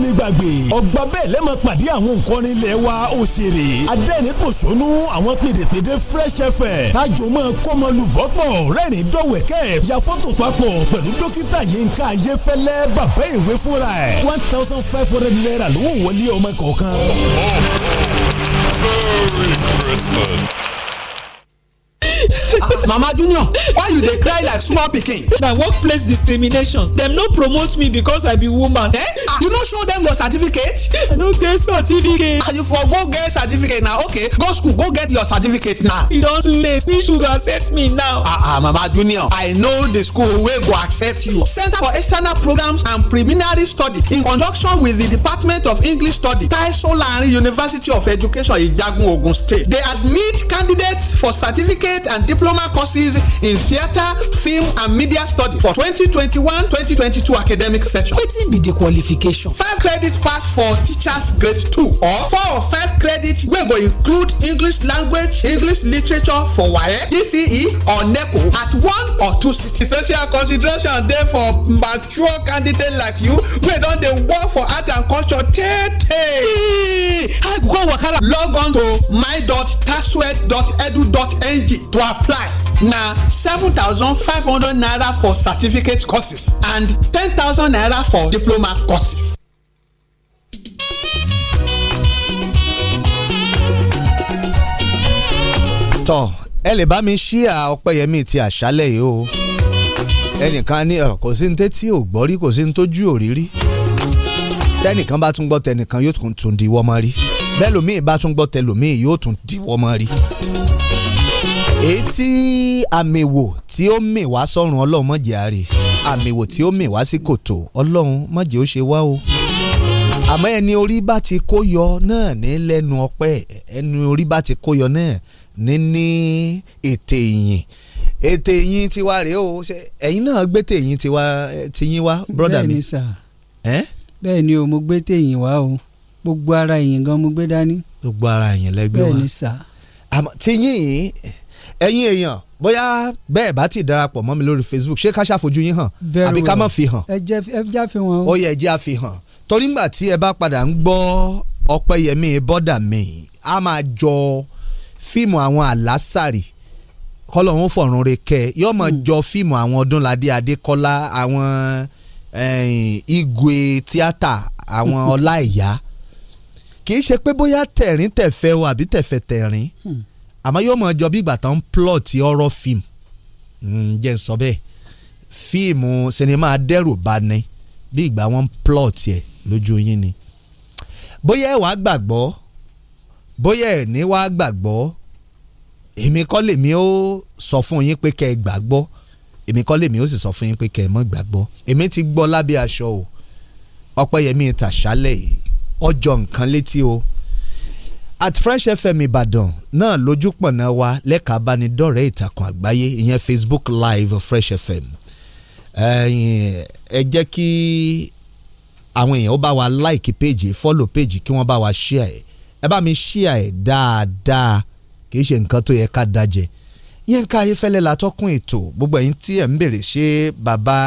lè gbàgbé ọgbà bẹ́ẹ̀ lẹ́mọ̀ pàdé àwọn nǹkan ilé wa òṣèré adẹ́rìn pòṣónú àwọn pèdèpèdè fresh fm tájò mọ́ kọ́mọlúbọ́pọ̀ rẹ́rìn dọ́wẹ̀kẹ́ ya fọ́tò papọ̀ pẹ̀lú dókítà yínká ayéfẹ́lẹ́ bàbá ìwé fúnra ẹ̀ one thousand five hundred naira lówó wọlé ọmọ kọ̀ọ̀kan. Oh, oh, oh, Merry Christmas mama junior why you dey cry like small pikin. na workplace discrimination dem no promote me because i be woman. Eh? Ah, you no show dem your certificate. i no get certificate. and ah, you for go get certificate na okay go school go get your certificate now. e don too late me sugar accept me now. ah ah mama junior i know the school wey go accept you. center for external programs and preliminary studies in conjunction with the department of english studies taisolarin university of education ijagun ogun state dey admit candidates for certificate and diploma courses in theatre film and media study for 2021-2022 academic session. wetin be di qualification? five credit pass for teachers grade two or four or five credit wey go include english language english literature for waec gce or neco at one or two cities. special consideration dey for mature candidates like you wey don dey work for art and culture tey tey. i go come wakala. log on to my.tasweb.edu.ng to apply na seven thousand five hundred naira for certificate courses and ten thousand naira for diploma courses. tọ ẹ lè bá mi ṣíà ọpẹ́yẹmí ti àṣálẹ́ yìí o ẹnìkan ní kò sí ní tẹ́tí ò gbọ́ rí kò sí ní tójú òrírí tẹnìkan bá tún gbọ́ tẹnìkan yóò tún tún di rí bẹ́ẹ̀ lómi bá tún gbọ́ tẹlómi yóò tún di wọ́mọ rí etí àmìwò tí ó mì wá sọ́run ọlọ́run mọ̀jẹ̀ àárẹ̀ àmìwò tí ó mì wá sí kòtò ọlọ́run mọ̀jẹ̀ ó ṣe wá o àmọ́ ẹni orí bá ti kó yọ náà ní lẹ́nu ọpẹ́ ẹni orí bá ti kó yọ náà ní ní ètè ìyìn ètè ìyìn tiwa rèé o ẹ̀yin náà gbé tèyìn tiwa tiyín wá brọ́dà mi. bẹ́ẹ̀ni sà bẹ́ẹ̀ ni o mo gbé tèyìn wá o gbogbo ara ẹ̀yìn gan mo gbé dání. gbogbo ara ẹ̀yìn lẹ́gbẹ́ wa bẹ́ẹ̀ni sà. àmọ́ tiyín yìí ẹ̀yin èèyàn bóyá bẹ́ẹ̀ bá ti darapọ̀ mọ́ mi lórí Facebook ṣé ká ṣàfojú yín hàn àbí ká má fi hàn. ẹ jẹ́ ẹ jẹ́ àfihàn. ó yẹ ẹ jẹ́ àfihàn torí ngbà tí ẹ bá padà ń gbọ́ Ọpẹ́yẹmí bọ́dà mi a máa jọ fíìmù àwọn àlásàrì kọlọ́hún fọ̀run re kẹ́ yóò máa hmm. jọ fíìmù àwọn Ọdúnládé Adékọ́lá àwọn igwe tíátà àwọn (laughs) Ọláìyá kì í ṣe pé bóyá tẹ̀rín tẹ̀fẹ́ o àbí tẹ̀fẹ́ tẹ̀rín. Hmm àmọ́ yóò mọ̀ jọ bí ìgbà tán plot ọ̀rọ̀ fíìmù hmm, jẹ́ n sọ bẹ́ẹ̀ fíìmù sinimá dẹ́rù bá ní bí ìgbà wọn plot ẹ̀ lójú yín ni bóyá ẹ̀ wàá gbàgbọ́ bóyá ẹ̀ ní wàá gbàgbọ́ èmi kọ́ lèmi ó sọ fún yín pé kẹ́ ẹ gbàgbọ́ èmi kọ́ lèmi ó sì sọ fún yín pé kẹ́ ẹ mọ́ gbàgbọ́ èmi ti gbọ́ lábẹ́ aṣọ o ọpẹ́yẹmí tàṣálẹ̀ yìí ọjọ́ nǹkan létí o at fresh fm ìbàdàn náà lójú pọ̀nà wa lẹ́ka abánidọ́rẹ̀ẹ́ ìtàkùn àgbáyé ìyẹn facebook live fresh fm ẹ jẹ́ kí àwọn èèyàn ó bá wa like page follow page kí wọ́n bá wa share ẹ̀ ẹ bá mi share ẹ̀ dáadáa kì í ṣe nǹkan tó yẹ ká dájẹ́ Yínká Ayéfẹ́lẹ́ la tọ́kùn ètò gbogbo ẹ̀yin tí ẹ̀ ń bèrè ṣé bàbá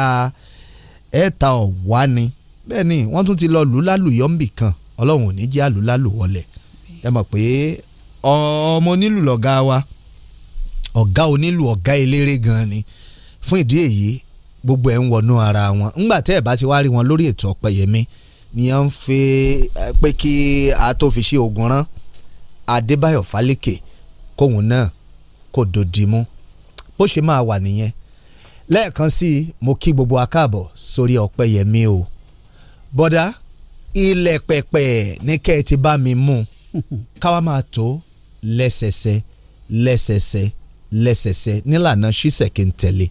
ẹ̀ta ọ̀wá ni bẹ́ẹ̀ ni wọ́n tún ti lọ lù lálùyọ́ kan ọlọ́run ò ní jẹ́ àlùlálù wọlé ẹ mọ̀ pé ọmọ onílù lọ̀gá wa ọ̀gá onílù ọ̀gá eléré gan ni fún ìdí èyí gbogbo ẹ̀ ń wọnú ara wọn ńgbà tẹ́ ẹ̀ bá ti wá rí wọn lórí ètò ọ̀pẹ̀yẹmí ni à ń fi pé kí a tó fi ṣe ogun rán Adébáyọ̀ Fálékè kóhun náà kò dòdì mú bó ṣe máa wà nìyẹn lẹ́ẹ̀kan sí i mo kí gbogbo akáàbọ̀ sórí ọ̀pẹ̀yẹmí o bọ́dà ilẹ̀ pẹ̀pẹ̀ ní kẹ́ ẹ ti bá mi mú un káwa máa tó lẹ́sẹsẹ lẹ́sẹsẹ lẹ́sẹsẹ nílànà ṣísẹ̀kẹ̀ntẹ̀lé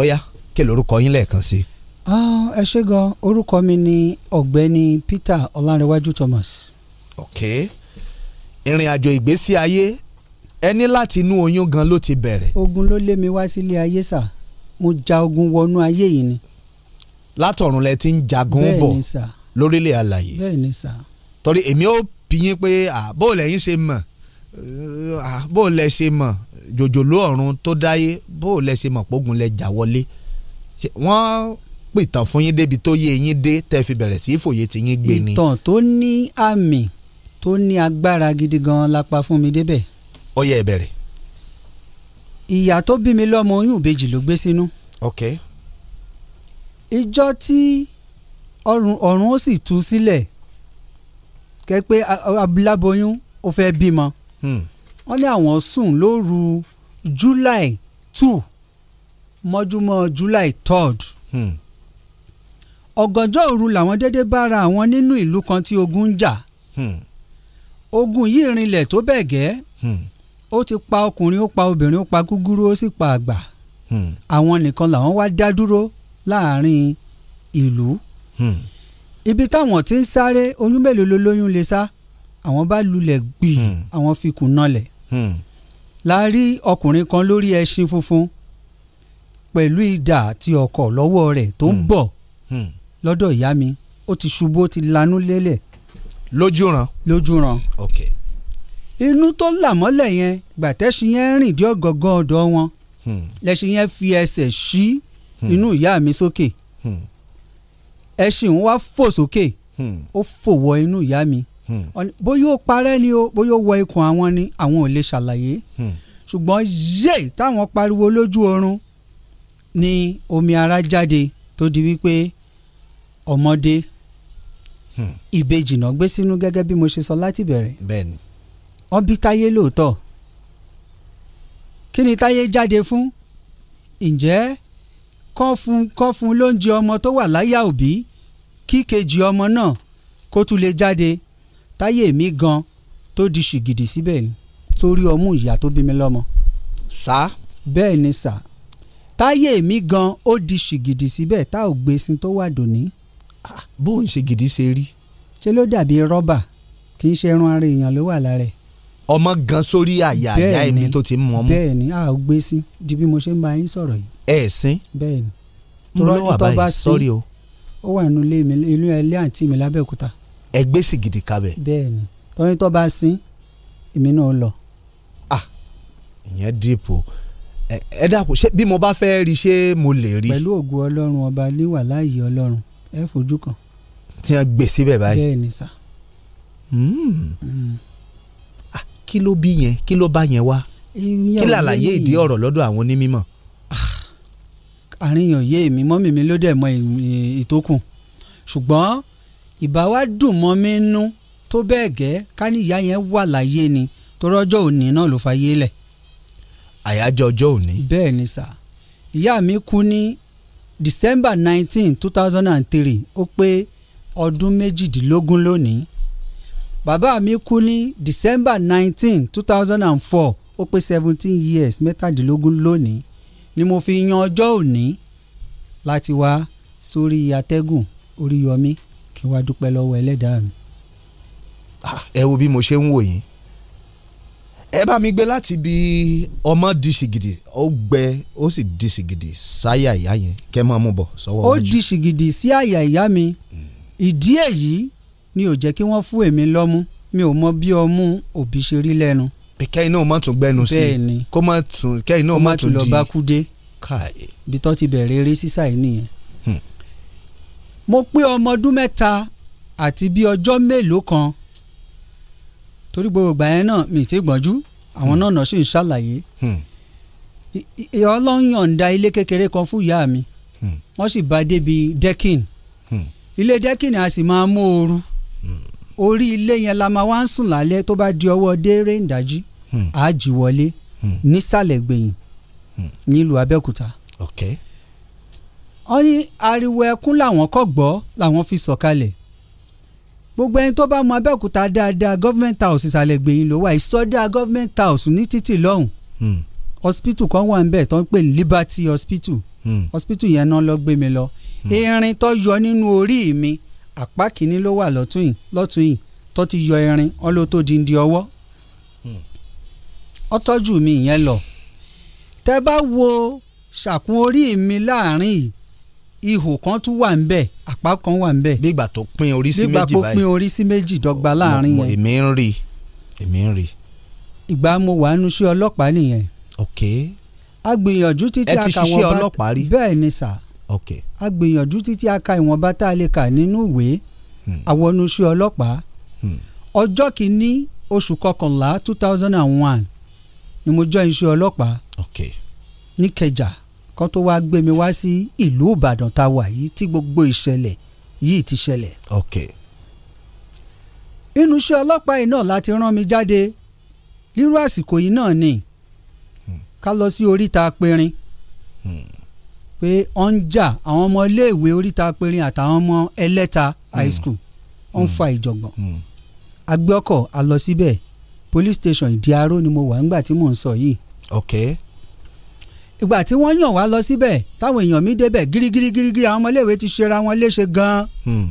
ọ̀yá kí lorúkọ yín lẹ́ẹ̀kan sí. ẹ ṣé gan orúkọ mi ni ọ̀gbẹ́ni Peter Ọlárẹ̀wájú Thomas. ok ìrìn àjò ìgbésí ayé ẹni láti inú oyún gan ló ti bẹ̀rẹ̀. ogun ló lé mi wá sílé ayé sà mo ja ogun wọnú ayé yìí ni. látọ̀run lẹ ti ń jagun bọ̀ lórílẹ̀ àlàyé. bẹ́ẹ̀ ni sà. torí èmi ó bí yín pé bó lẹ́yìn ṣe mọ̀ bó lẹ́ ṣe mọ̀ jòjòló ọ̀run tó dáyé bó lẹ́ ṣe mọ̀ pógun lẹ́ jà wọlé wọ́n pìtàn fún yín débi tó yé yín dé tẹ́ fi bẹ̀rẹ̀ sí í fòye tí yín gbé ni. ìtàn tó ní àmì tó ní agbára gidi gan-an la pa fún mi débẹ̀. ó yẹ ẹ bẹ̀rẹ̀. ìyá tó bí mi lọ́mọ oyún ìbejì ló gbé sínú. ok. ìjọ tí ọrùn ọ̀run ó sì tú sílẹ̀ kẹ́ pé abiláboyún ó fẹ́ bímọ hmm. wọ́n ní àwọn sùn lóru July two mọ́júmọ́ July third hmm. ọ̀gànjọ́ òru làwọn déédéé bára àwọn nínú ìlú kan tí ogun ń jà hmm. ogun yìí rinlẹ̀ tó bẹ́ẹ̀ gẹ́ ó ti pa ọkùnrin ó pa obìnrin ó pa gúgúrú ó sì pa àgbà àwọn nìkan làwọn wá dá dúró láàrin ìlú. Hmm ibi táwọn ti ń sáré oyún mélòó ló lóyún lè sá àwọn bá lulẹ̀ gbì hmm. àwọn fi kùn nọlẹ̀ hmm. la rí ọkùnrin kan lórí ẹṣin funfun pẹ̀lú idà àti ọkọ̀ lọ́wọ́ rẹ̀ tó ń hmm. bọ̀ lọ́dọ̀ ìyá mi ó ti ṣubú ó ti lanú lélẹ̀. lójúran. lójúran. ok. inú tó là mọ́lẹ̀ yẹn gbàtẹ́sí yẹn rìn dí ọ̀gọ̀ngàn ọ̀dọ̀ wọn lẹ́sìn yẹn fi ẹsẹ̀ sí inú ìyá mi sókè. Hmm ẹṣin òun wá fò sókè hmm. ó fò wọ inú ìyá mi hmm. bóyá ó parẹ́ ni ó bóyá ó wọ ikùn àwọn ni àwọn ò lè ṣàlàyé hmm. ṣùgbọ́n yé táwọn pariwo lójú oorun ni omi ara jáde tó di wípé ọmọdé ìbejì náà gbé sínú gẹ́gẹ́ bí mo ṣe sọ láti bẹ̀rẹ̀ bẹ́ẹ̀ni wọ́n bí táyé lóòótọ́ kí ni táyé jáde fún ǹjẹ́ kọ́ fún kọ́ fún lóúnjẹ ọmọ tó wà láyà òbí kí ọmọ náà kó tún lè jáde táyé mi gan tó di ṣìgìdì síbẹ̀ ni torí ọmú ìyá tó bí mi lọ́mọ. sá. bẹ́ẹ̀ ni sá táyé mi gan ó di ṣìgìdì síbẹ̀ tá ò gbé sin tó wà dòní. Ah, bó ń ṣe gidi ṣe rí. ṣé ló dàbí rọ́bà kì í ṣe ẹran ara èèyàn ló wà lára ẹ̀ ọmọ gan sórí àyà àyà èmi tó ti mú ọmú. bẹ́ẹ̀ni a ò gbé sí di bí mo ṣe ń bá yín sọ̀rọ̀ yìí ẹ sín bẹ́ẹ̀ni mo lọ wà báyìí o. ó wà nínú ilé mi inú ilé àǹtí mi lábẹ́òkúta. ẹ gbé sìgìdì kabẹ̀. bẹ́ẹ̀ni tọ́ni tó bá sín èmi náà lọ. ah ìyẹn díìpù ẹ dàpọ̀ ṣé bí mo bá fẹ́ rí ṣé mo lè rí. pẹ̀lú ògùn ọlọ́run ọba níwà láàyè ọlọ́run ẹ fojú kan. tí wọ́n gbé síbẹ̀ báyìí. bẹ́ẹ̀ni sà. Hmm. Hmm. kí ló bí yẹn kí ló bá yẹn wá kí làlàyé ìdí ọ̀rọ̀ lọ́dọ̀ àwọn onímọ̀ àríyàn yé èmi mọ́mì mi ló dẹ̀ mọ ìtókùn ṣùgbọ́n ìbá wa dùn mọ́ mi nú tó bẹ́ẹ̀ gẹ́ ká ní ìyá yẹn wà láyé ni torí ọjọ́ òní náà ló fa yé àyájọ́ ọjọ́ òní. bẹ́ẹ̀ ni sà ìyá mi kú ní December nineteen two thousand and three ó pé ọdún méjìdínlógún lónìí bàbá mi kú ní December nineteen two thousand and four ó pé seventeen years mẹ́tàdínlógún lónìí ni mo fi yan ọjọ́ òní láti wá sórí atẹ́gùn Oríyọmí kí wàá dúpẹ́ lọ́wọ́ ẹlẹ́dàá mi. Ah, ẹ wo bí mo ṣe ń wò yín ẹ bá mi gbé láti bí ọmọ di ṣìgìdì ó gbẹ ó sì di ṣìgìdì sáyà ìyá yẹn kẹ máa mú bọ̀ sọ́wọ́. ó di ṣìgìdì sí àyà ìyá mi ìdí èyí ni ò jẹ́ kí wọ́n fún èmi lọ́mú mi ò mọ bí ọmú òbí ṣe rí lẹ́nu pé kẹ́yìn náà má tún gbẹnu sí i kó má tún kẹ́yìn náà má tún di kó má tún lọ bá kú dé ibi tó ti bẹ̀rẹ̀ eré sísá yìí nìyẹn. Hmm. mo pé ọmọ ọdún mẹ́ta àti bíi ọjọ́ mélòó kan torí gbogbo ìgbà yẹn náà mi ti gbọ́njú àwọn hmm. náà náà sì ń ṣàlàyé hmm. ọlọ́run yọ̀ǹda ilé kékeré kan fún ìyá mi wọ́n sì bá débi dẹ́kìn ilé dẹ́kìn a sì máa mú ooru orí ilé yẹn la máa wá ń sùn lálẹ́ tó bá di ọwọ́ déré ìdájí àjíwọlé hmm. hmm. nísàlẹ̀ gbẹ̀yìn hmm. nílùú Abẹ́òkúta. Okay. wọ́n ní ariwo ẹkún làwọn kọ́ gbọ́ làwọn fi sọ̀kalẹ̀ gbogbo ẹni tó bá mọ Abẹ́òkúta dáadáa government house ìsàlẹ̀ gbẹ̀yìn ló wà ìsọdá government house ní títì lọ́hùn hospital kan wà níbẹ̀ tó ń pè Liberty hospital hospital yẹn náà lọ gbé mi lọ irin tó yọ nínú orí mi àpá kìíní ló wà lọ́tún yìí lọ́tún yìí tó ti yọ irin ọ́n ló ọwọ́ ó tọ́jú mi yẹn lọ tẹ́ bá wo ṣàkún orí mi láàrin yìí ihò kan tún wà ń bẹ àpá kan wà ń bẹ. tó pín orí sí méjì báyìí bígbà tó pín orí sí méjì dọ́gba láàrin yẹn. èmi ń rí èmi ń rí. ìgbà mo wà nínú iṣẹ́ ọlọ́pàá nìyẹn. ok. a gbìyànjú títí a kà wọ́n bá ẹ ti ṣiṣẹ́ ọlọ́pàá rí. bẹ́ẹ̀ ni sà. ok. a gbìyànjú títí a ka ìwọ̀nba tá a lè kà nínú ìwé àwọn hmm. oníṣẹ́ ọlọ́pàá. Hmm. ọjọ́ kìíní oṣù kọkànlá two thousand and one ni mo jọ iṣẹ́ ọlọ́pàá níkẹjà kan tó wá gbé mi wá sí ìlú ìbàdàn tá a wà yìí tí gbogbo ìṣẹ̀lẹ̀ yìí ti ṣẹlẹ̀. inú iṣẹ́ ọlọ́pàá yìí náà láti rán mi jáde lírú àsìkò yìí náà ni hmm. ká lọ sí oríta pẹrin hmm. pé ọ ń jà àwọn ọmọ iléèwé oríta pẹrin àtàwọn ọmọ ẹlẹ́ta high hmm. school ọ ń fa ìjọ̀gbọ̀n agbẹ́ọkọ̀ a lọ síbẹ̀ police station ìdíaró ni mo wà ńgbà tí mò ń sọ yìí. ok. ìgbà tí wọ́n yàn wá lọ síbẹ̀ táwọn èèyàn mi débẹ̀ gírígírí gírígírí àwọn ọmọléèwé ti ṣera wọn léṣe gan-an. Hmm.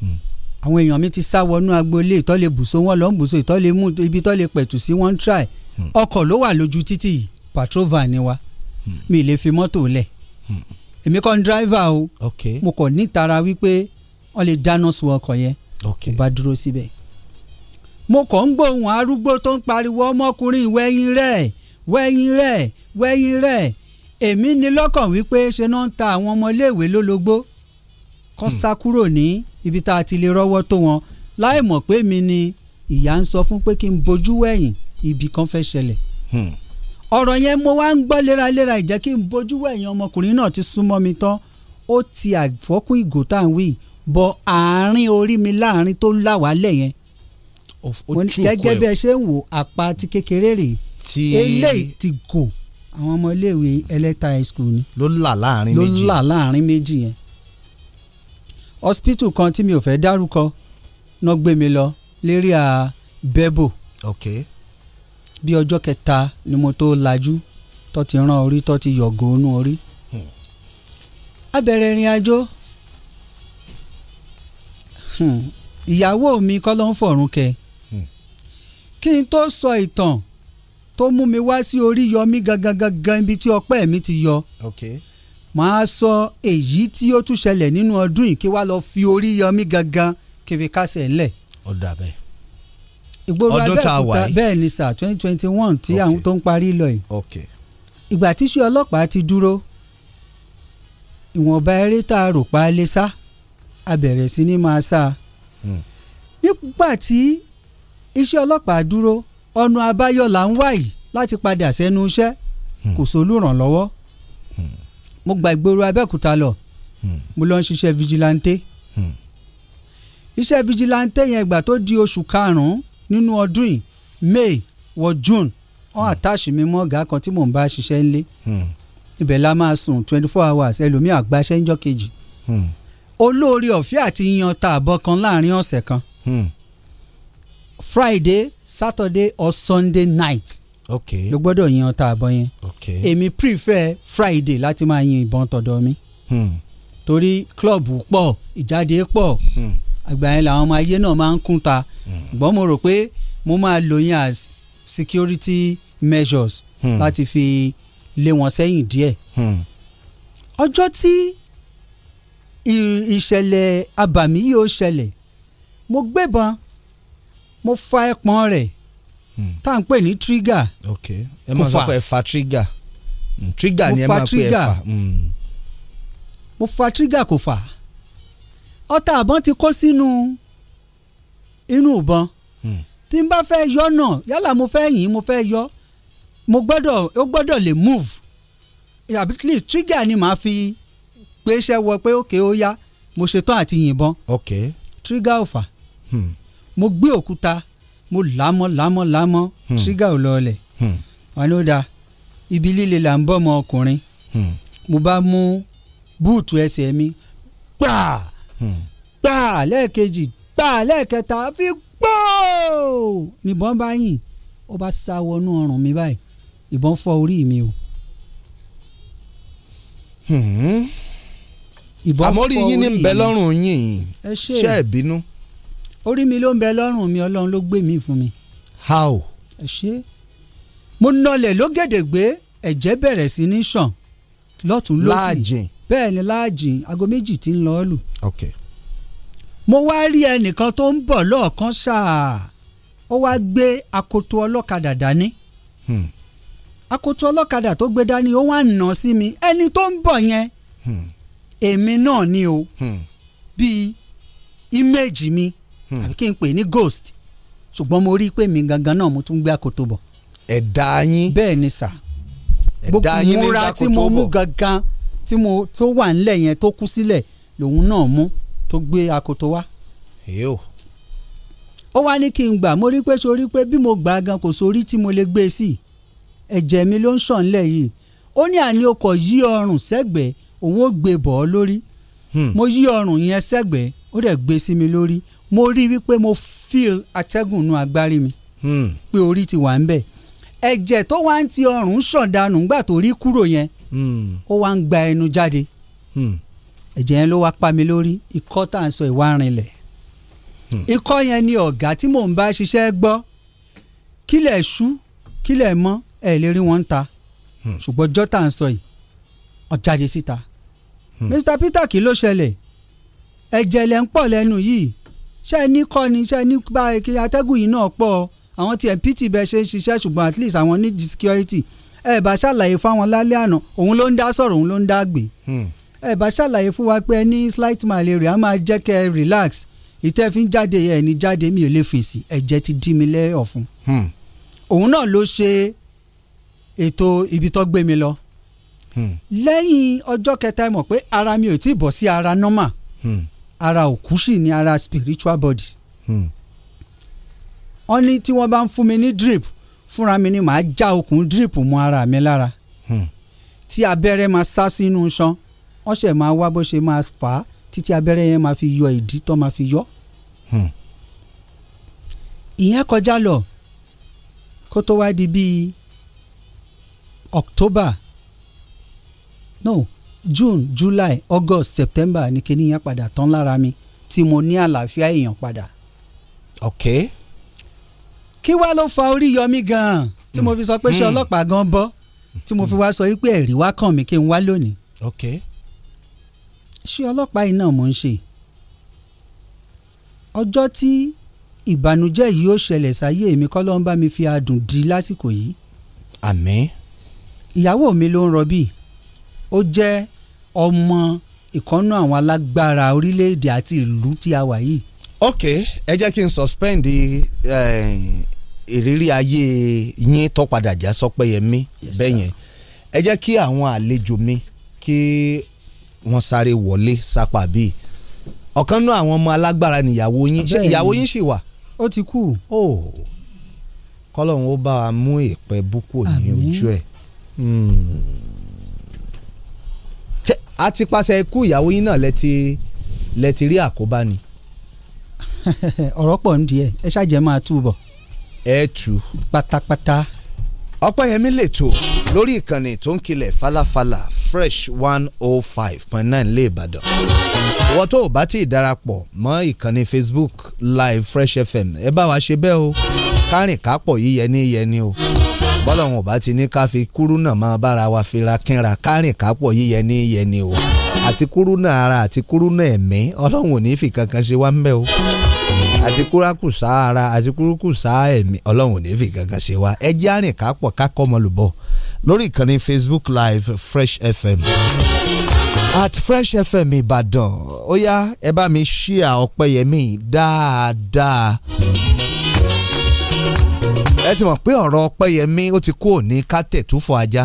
Hmm. àwọn èèyàn mi ti sá wọnú agboolé ìtọ́lẹ̀ bùsọ wọn lọ ń bùsọ ìtọ́lẹ̀ mú ibi tọ́lẹ̀ pẹ̀tù sí wọn ń try hmm. ọkọ̀ ló wà lójú títì patrol van ni wa hmm. mi lè fi mọ́tò lẹ̀ èmi kọ́ ń driver o okay. mo kọ̀ nítara wípé wọ́n lè dáná sun ọkọ̀ yẹn okay. mo bá dúró síbẹ̀ mo kàn ń gbóhùn arúgbó tó ń pariwo ọmọkùnrin wẹ́yìn rẹ̀ wẹ́yìn rẹ̀ wẹ́yìn rẹ̀ èmi ni lọ́kàn wípé ṣe náà ń ta àwọn ọmọléèwé lólobó kọ́ sá kúrò ní ibi tá a ti lè rọ́wọ́ tó wọn láì mọ̀ pé mi ni ìyá ń sọ fún pé kí n bojú wẹ̀yìn ibì kan fẹ́ ṣẹlẹ̀ hmm. ọ̀rọ̀ yẹn mo wá ń gbọ́ léraléra ìjẹ́ kí n bojú wẹ̀yìn ọmọkùnrin náà ti súnmọ́ mi tán ó ti àfọ́kù ìgò tá à ń wí bọ àárín orí mi láàrin tó ń là wálẹ̀ yẹn of ojú ọkọ ẹ̀ gẹ́gẹ́ bí ẹ ṣe ń wo apá ti kékeré rè tí eléyìí ti gò àwọn ọmọ iléèwé ẹlẹ́ta high school ni. ló là láàrin méjì ló là láàrin méjì yẹn. hospital kan tí mi ò fẹ́ dárúkọ náà gbé mi lọ lérí à bẹ́bò. ok. bí ọjọ́ kẹta ni mo tó lajú tó ti rán orí tó ti yọ̀gò inú orí. Hmm. a bẹ̀rẹ̀ ìrìn àjò hmm. ìyàwó mi kọ́ ló ń fọ̀run kẹ kí n tó sọ ìtàn tó mú mi wá sí orí yọmí gangan gangan ibi tí ọpẹ́ mi ti yọ màá sọ èyí tí ó tún ṣẹlẹ̀ nínú ọdún yìí kí wàá lọ fi orí yọmí gangan kí fi kásẹ̀ ńlẹ̀. ọ̀dà bẹ́ẹ̀ ìgboro abẹ́òkúta bẹ́ẹ̀ ni sà twenty twenty one tí àwọn tó ń parí lọ yìí ìgbà tí iṣẹ́ ọlọ́pàá ti dúró ìwọ̀nba eré tá a rò pa á sá a bẹ̀rẹ̀ sí ní máa sá a hmm. nígbà tí iṣẹ́ ọlọ́pàá dúró ọ̀nà àbáyọ là ń wá yìí láti padà sẹ́nu iṣẹ́ hmm. kò sólùrànlọ́wọ́ hmm. mo gba ìgboro Abẹ́òkúta lọ hmm. mo lọ ń ṣiṣẹ́ vigilante iṣẹ́ vigilante yẹn ìgbà tó di oṣù karùn-ún nínú ọdún yìí May wọ June wọ́n àtàṣì mi mọ́ ọ̀gá kan tí mò ń bá ṣiṣẹ́ ńlé ibẹ̀ la máa sùn twenty four hours ẹlòmíì àgbàṣẹ́ ńjọ́ kejì olóore ọ̀fẹ́ àti yan ta àbọ̀ kan láàrin ọ̀sẹ̀ kan friday saturday or sunday night okay ló gbọ́dọ̀ yin ọta àbọ̀ yẹn okay èmi prefer friday láti máa yin ìbọn tọ̀dọ̀ mi hmm. torí klọ́ọ̀bù pọ̀ ìjáde pọ̀ àgbà hmm. yẹn làwọn ọmọ ayé náà máa ń kún ta hmm. ṣùgbọ́n mo rò pé mo máa lò yín as security measures hmm. láti fi lé wọn sẹ́yìn díẹ̀ hmm. ọjọ́ tí ìṣẹ̀lẹ̀ abàmì yìí ó ṣẹlẹ̀ mo gbébọn mo fa ẹpọn rẹ̀ hmm. tá à ń pè ní trigger. ok ẹ máa sọ pé ẹ fa trigger hmm, trigger ni ẹ máa pè ẹ fa. Hmm. mo fa trigger kò fà ọta àbọ̀n ti kó sínú inú ìbọn tí n bá fẹ́ yọ náà yálà mo fẹ́ yìn mo fẹ́ yọ mo gbọ́dọ̀ ó gbọ́dọ̀ lè move àbí at least trigger ni màá fi gbéṣẹ́ wọ pé òkè ó yá mo ṣetán àti yìnbọn. ok trigger ò fà. Hmm mo gbé òkúta mo làmọ́ làmọ́ làmọ́ hmm. ṣígà ò lọọlẹ̀ hmm. wọn ló da ibi líle là ń bọ́ ọmọ ọkùnrin hmm. mo bá mú búùtù ẹsẹ̀ mi gbàá gbàá lẹ́ẹ̀kejì gbàá lẹ́ẹ̀kẹta fi gbòò níbọn bá yìn ó bá sá wọnú ọrùn mi báyìí ìbọn fọ́ orí mi o. ìbọn fọ́ orí mi àmọ́rí yín ní ń bẹ lọ́rùn yín ṣe é bínú orí mi ló ń bẹ lọ́rùn mi ọlọ́run ló gbé mi fún mi. how. ẹ ṣe mo nọlẹ̀ ló gèdè gbé ẹ̀jẹ̀ bẹ̀rẹ̀ sí ní ṣàn lọ́tún lọ́sì láàjìn bẹ́ẹ̀ ni láàjìn aago méjì tí ń lọ lù. okay. mo wá rí ẹnìkan tó ń bọ̀ lọ́ọ̀kan ṣáà ó wá gbé akoto ọlọ́kadà dání. Hmm. akoto ọlọ́kadà tó gbé dání ó wá nà sí mi ẹni tó ń bọ̀ yẹn hmm. èmi náà ni o hmm. bíi íméèjì mi Hmm. àbí kí n pè ní ghost ṣùgbọ́n mo rí i pé mi gangan náà mo tún gbé akoto bọ̀. ẹ̀dá yín bẹ́ẹ̀ ni sà ẹ̀dá yín ní ìgbà bọ̀ tí mo mú gangan tí mo tó wà nílẹ̀ yẹn tó kú sílẹ̀ lòun náà mú tó gbé akoto wá. èyó. ó wá ní kí n gbà mo rí pé sórí pé bí mo gbà gan kò sórí tí mo lè gbé e sí ẹ̀jẹ̀ mi ló ń ṣàn nílẹ̀ yìí ó ní àní ọkọ̀ yí ọrùn sẹ́gbẹ̀ẹ́ òun ó gbé bọ̀ lórí hmm. mo yí ọrùn yẹn sẹ́gbẹ̀ẹ́ ó dẹ̀ gbé sí mi lórí mo rí wípé mo feel atẹ́gùn nù agbárí mi hmm. pé orí ti wà ń bẹ̀ ẹ̀jẹ̀ tó wá ń ti ọrùn ṣàn dànù ńgbà tó rí kúrò yẹn hmm. ó wá ń gba ẹnu jáde hmm. ẹ̀jẹ̀ yẹn ló wá pa mi lórí ikọ́ tá à ń sọ ìwà rinlẹ̀ ikọ́ yẹn ni ọ̀gá tí mò ń bá ṣiṣẹ́ gbọ́ kílẹ̀ ṣú kílẹ̀ mọ́ ẹ̀ lè rí wọn ta ṣùgbọ́n jọ́ tá à ń sọ yìí ó síta Mr Peter kí ló ṣẹlẹ̀ ẹ̀jẹ̀ lẹ̀ ń pọ̀ lẹ́nu yìí ṣé ẹ ní kọ́ ni ṣé ẹ ní bá kí atẹ́gùn yìí náà pọ̀ àwọn ti mpt bẹ́ẹ̀ ṣe ń ṣiṣẹ́ ṣùgbọ́n at least àwọn need security ẹ bá ṣàlàyé fáwọn lálẹ́ àná òun ló ń dá sọ̀rọ̀ òun ló ń dá gbé hmm. ẹ bá ṣàlàyé fún wa pé ní slight malaria á máa jẹ́ kẹ́ ẹ relax ìtẹ́fín jáde ẹ̀ ní jáde mi ò lè fèsì ẹ̀jẹ̀ ti dí mi lẹ́ ọ̀fun hmm. òun náà ló ṣe ètò ibi tó gbé mi lọ hmm. lẹ́yìn ọjọ́ kẹta ẹ mọ̀ pé ara mi ò tí ì bọ̀ sí ara normal ara òkú sì ni ara spiritual body. Hmm. wọ́n ní tí wọ́n bá ń fún mi ní drip fúnra mi ni màá já okùn drip mọ́ ara mi lára. Hmm. tí abẹ́rẹ́ máa sá sínú iṣan wọ́n ṣẹ̀ máa wá bó ṣe máa fà á títí abẹ́rẹ́ yẹn máa fi yọ ìdí tó máa fi yọ. Hmm. ìyẹn kọjá lọ kó tó wá di bíi October no june july august september ni kinní yẹn padà tán lára mi tí mo ní àlàáfíà èèyàn padà. ok. kí wàá ló fa orí yọ mí gan-an tí mo fi sọ pé ṣé hmm. ọlọ́pàá gan bọ́ tí mo fi wá sọ wípé ẹ̀rí wá kàn mí kí n wá lónìí. ok. ṣé ọlọ́pàá yìí mò ń ṣe ọjọ́ tí ìbànújẹ́ yìí ó ṣẹlẹ̀ sáyé mi kọ́ ló ń bá mi fi adùn di lásìkò yìí. àmín. ìyàwó mi ló ń rọbí ó jẹ́ ọmọ ìkọ́nú àwọn alágbára orílẹ̀-èdè àti ìlú tí a wà yìí. ok ẹ jẹ́ kí n suspend eh, ìrírí ayé yín tó padà já Sọ́pẹ́yẹmí bẹ́ẹ̀ yẹn ẹ jẹ́ kí àwọn àlejò mi kí wọ́n sáré wọlé sápà bíi ọ̀kan náà àwọn ọmọ alágbára nìyàwó yín ṣé ìyàwó yín ṣì wà. ó ti kú. ó kọ́lọ́run ó bá wa mú èèpẹ̀ búkú ní ojú ẹ̀. Mm a ti pàṣẹ ikú ìyàwó yín náà lẹ́ti lẹ́ti rí àkóbá ni. (laughs) ọ̀rọ̀ pọ̀ ń díẹ̀ ẹ ṣáàjẹ́ máa tú bọ̀. ẹ tú. pátápátá. ọpẹ́yẹmí lètò lórí ìkànnì tó ń kilẹ̀ falafala fresh one oh five point nine lé ìbàdàn ìwọ tó o bá ti darapọ̀ mọ́ ìkànnì facebook live fresh fm ẹ bá wa ṣe bẹ́ẹ̀ o kárìn kápọ̀ yíyẹ ní yẹni o bọ́lọ̀hún ò ti ní ká fi kúrúnà máa bára wa fira kínra kárìn kápọ̀ yíyẹ ní yẹ o àti kúrúnà ara àti kúrúnà ẹ̀mí ọlọ́run ò ní fi kankan ṣe wá ń bẹ̀ o àti kúrákù sá ara àti kúrúkù sá ẹ̀mí ọlọ́run ò ní fi kankan ṣe wá ẹ àrìn kápọ̀ kákọ́ ọmọlùbọ̀ lórí ìkànnì Facebook Live Fresh FM at Fresh FM Ìbàdàn ó yá ẹ bá mi ṣíà ọpẹ́yẹmí dáadáa. ẹ ti mọ̀ pé ọ̀rọ̀ Ọpẹ́yẹmí ó ti kúrò ní kátẹ̀ tó fọ ajá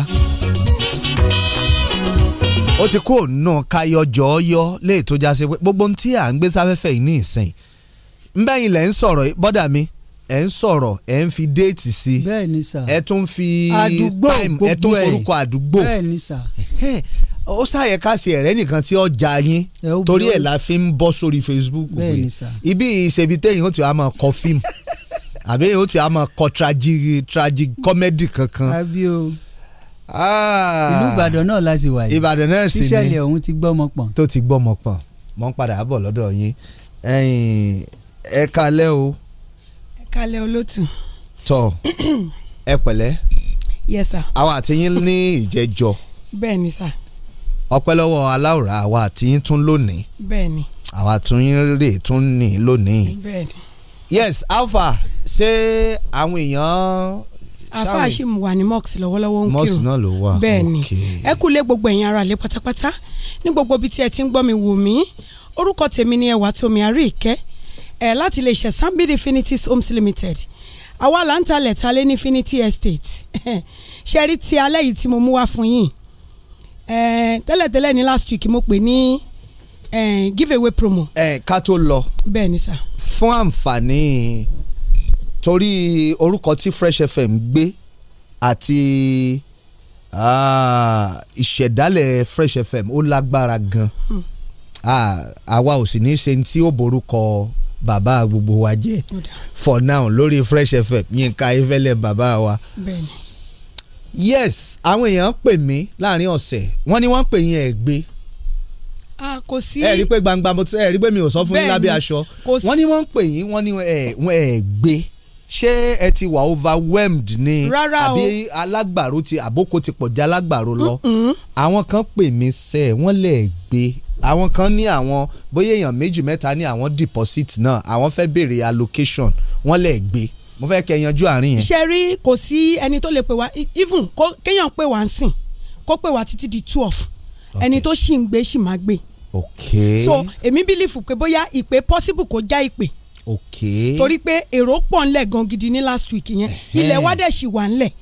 ó ti kúrò nù káyọjọ́ọ́yọ́ léè tó já sí pé gbogbo ohun tí à ń gbé sáfẹ́fẹ́ yìí ní ìsìn nbẹ́yìn lẹ́ ń sọ̀rọ̀ bọ́dà mi ẹ̀ ń sọ̀rọ̀ ẹ̀ ń fi déètì sí ẹ̀ tún fi time ẹ̀ tún forúkọ àdúgbò ó ṣàyẹ̀ká sí ẹ̀rẹ́ nìkan tí ọjà yín torí ẹ̀ la fi ń bọ́ sórí Facebook pé ibi ìṣèbítẹ́yìn ó ti wá máa kọ fíìmù (laughs) àbí o ti àmọ́ kọ tragic tragic comedy kankan. àbí o ah. ìlú Ìbàdàn náà la sì wà yìí Ìbàdàn náà sì ni tíṣẹ̀lẹ̀ ọ̀hún ti gbọ́mọ pọ̀n. tó ti gbọ́mọ pọ̀n mọ́ ń padà bọ̀ lọ́dọ̀ yín ẹ kalẹ́ o. ẹ kalẹ́ olótù. tọ ẹ pẹ̀lẹ́. yes sir. àwa àti yín ní ìjẹ́jọ́. bẹ́ẹ̀ ni sà. ọpẹ́ lọ́wọ́ aláwòrán àwa àti yín tún lónìí. bẹ́ẹ̀ ni. àwa àti yín rè tún ní lónìí. bẹ́ẹ̀ ni. yes alpha ṣé àwọn èèyàn àfáà ṣì wà ní mosque lọ́wọ́lọ́wọ́ ń kírun mosque náà ló wà bẹ́ẹ̀ ni ẹ kú lé gbogbo ẹ̀yin ará lé pátápátá ní gbogbo ibi tí ẹ ti ń gbọ́ mi wò mí orúkọ tèmi ni ẹwà tómi àrí ìkẹ́ ẹ̀ láti lè ṣe Sambid Infinity's Homes Limited àwa là ń talẹ̀ ta lé ní Infinity Estate (laughs) ṣe rí ti alẹ́ yìí tí mo mú wá fún yín tẹ́lẹ̀tẹ́lẹ̀ ní last week mo pè ní give away promo. ẹ ká tó lọ bẹ́ẹ̀ ni fún àǹfààní torí orúkọ tí Fresh FM gbé àti ah, ìṣẹ̀dálẹ̀ Fresh FM ó lágbára gan hmm. ah, àwa ò sì ní í ṣe tí ó borúkọ bàbá gbogbo wa jẹ́ for now lórí Fresh FM Yínká Ayéfẹ́lẹ́ bàbá wa. yes àwọn èèyàn pè mí láàrin ọ̀sẹ̀ wọ́n ní wọ́n pè yín ẹ̀ gbé. a kò sí ẹ rí pé gbangba mo ti ẹ rí pé mi ò sọ fún yín lábẹ́ aṣọ wọ́n ní wọ́n pè yín wọ́n ní ẹ gbé ṣé ẹ ti wà overwhelmed ni rárá o àbí alágbàro ti àbókò ti pọ̀já alágbàro lọ àwọn kan pè mí sẹ́ wọ́n lè gbé àwọn kan ní àwọn bóyá èèyàn méjì mẹ́ta ní àwọn deposit náà àwọn fẹ́ béèrè allocation wọ́n lè gbé mo fẹ́ kẹ́ yanjú àárín yẹn. ṣe rí kò sí ẹni tó lè pè wá even kéèyàn pè wá ń sìn kó pè wá títí di twelve ẹni tó ṣì ń gbé ṣì máa gbé. ok so èmi bílífù pé bóyá ìpè possible kó já ìpè okay. torí pé èrò pọ̀ ńlẹ̀ gan gidi ní last week yẹn ilẹ̀ wa dẹ̀ sì wà ńlẹ̀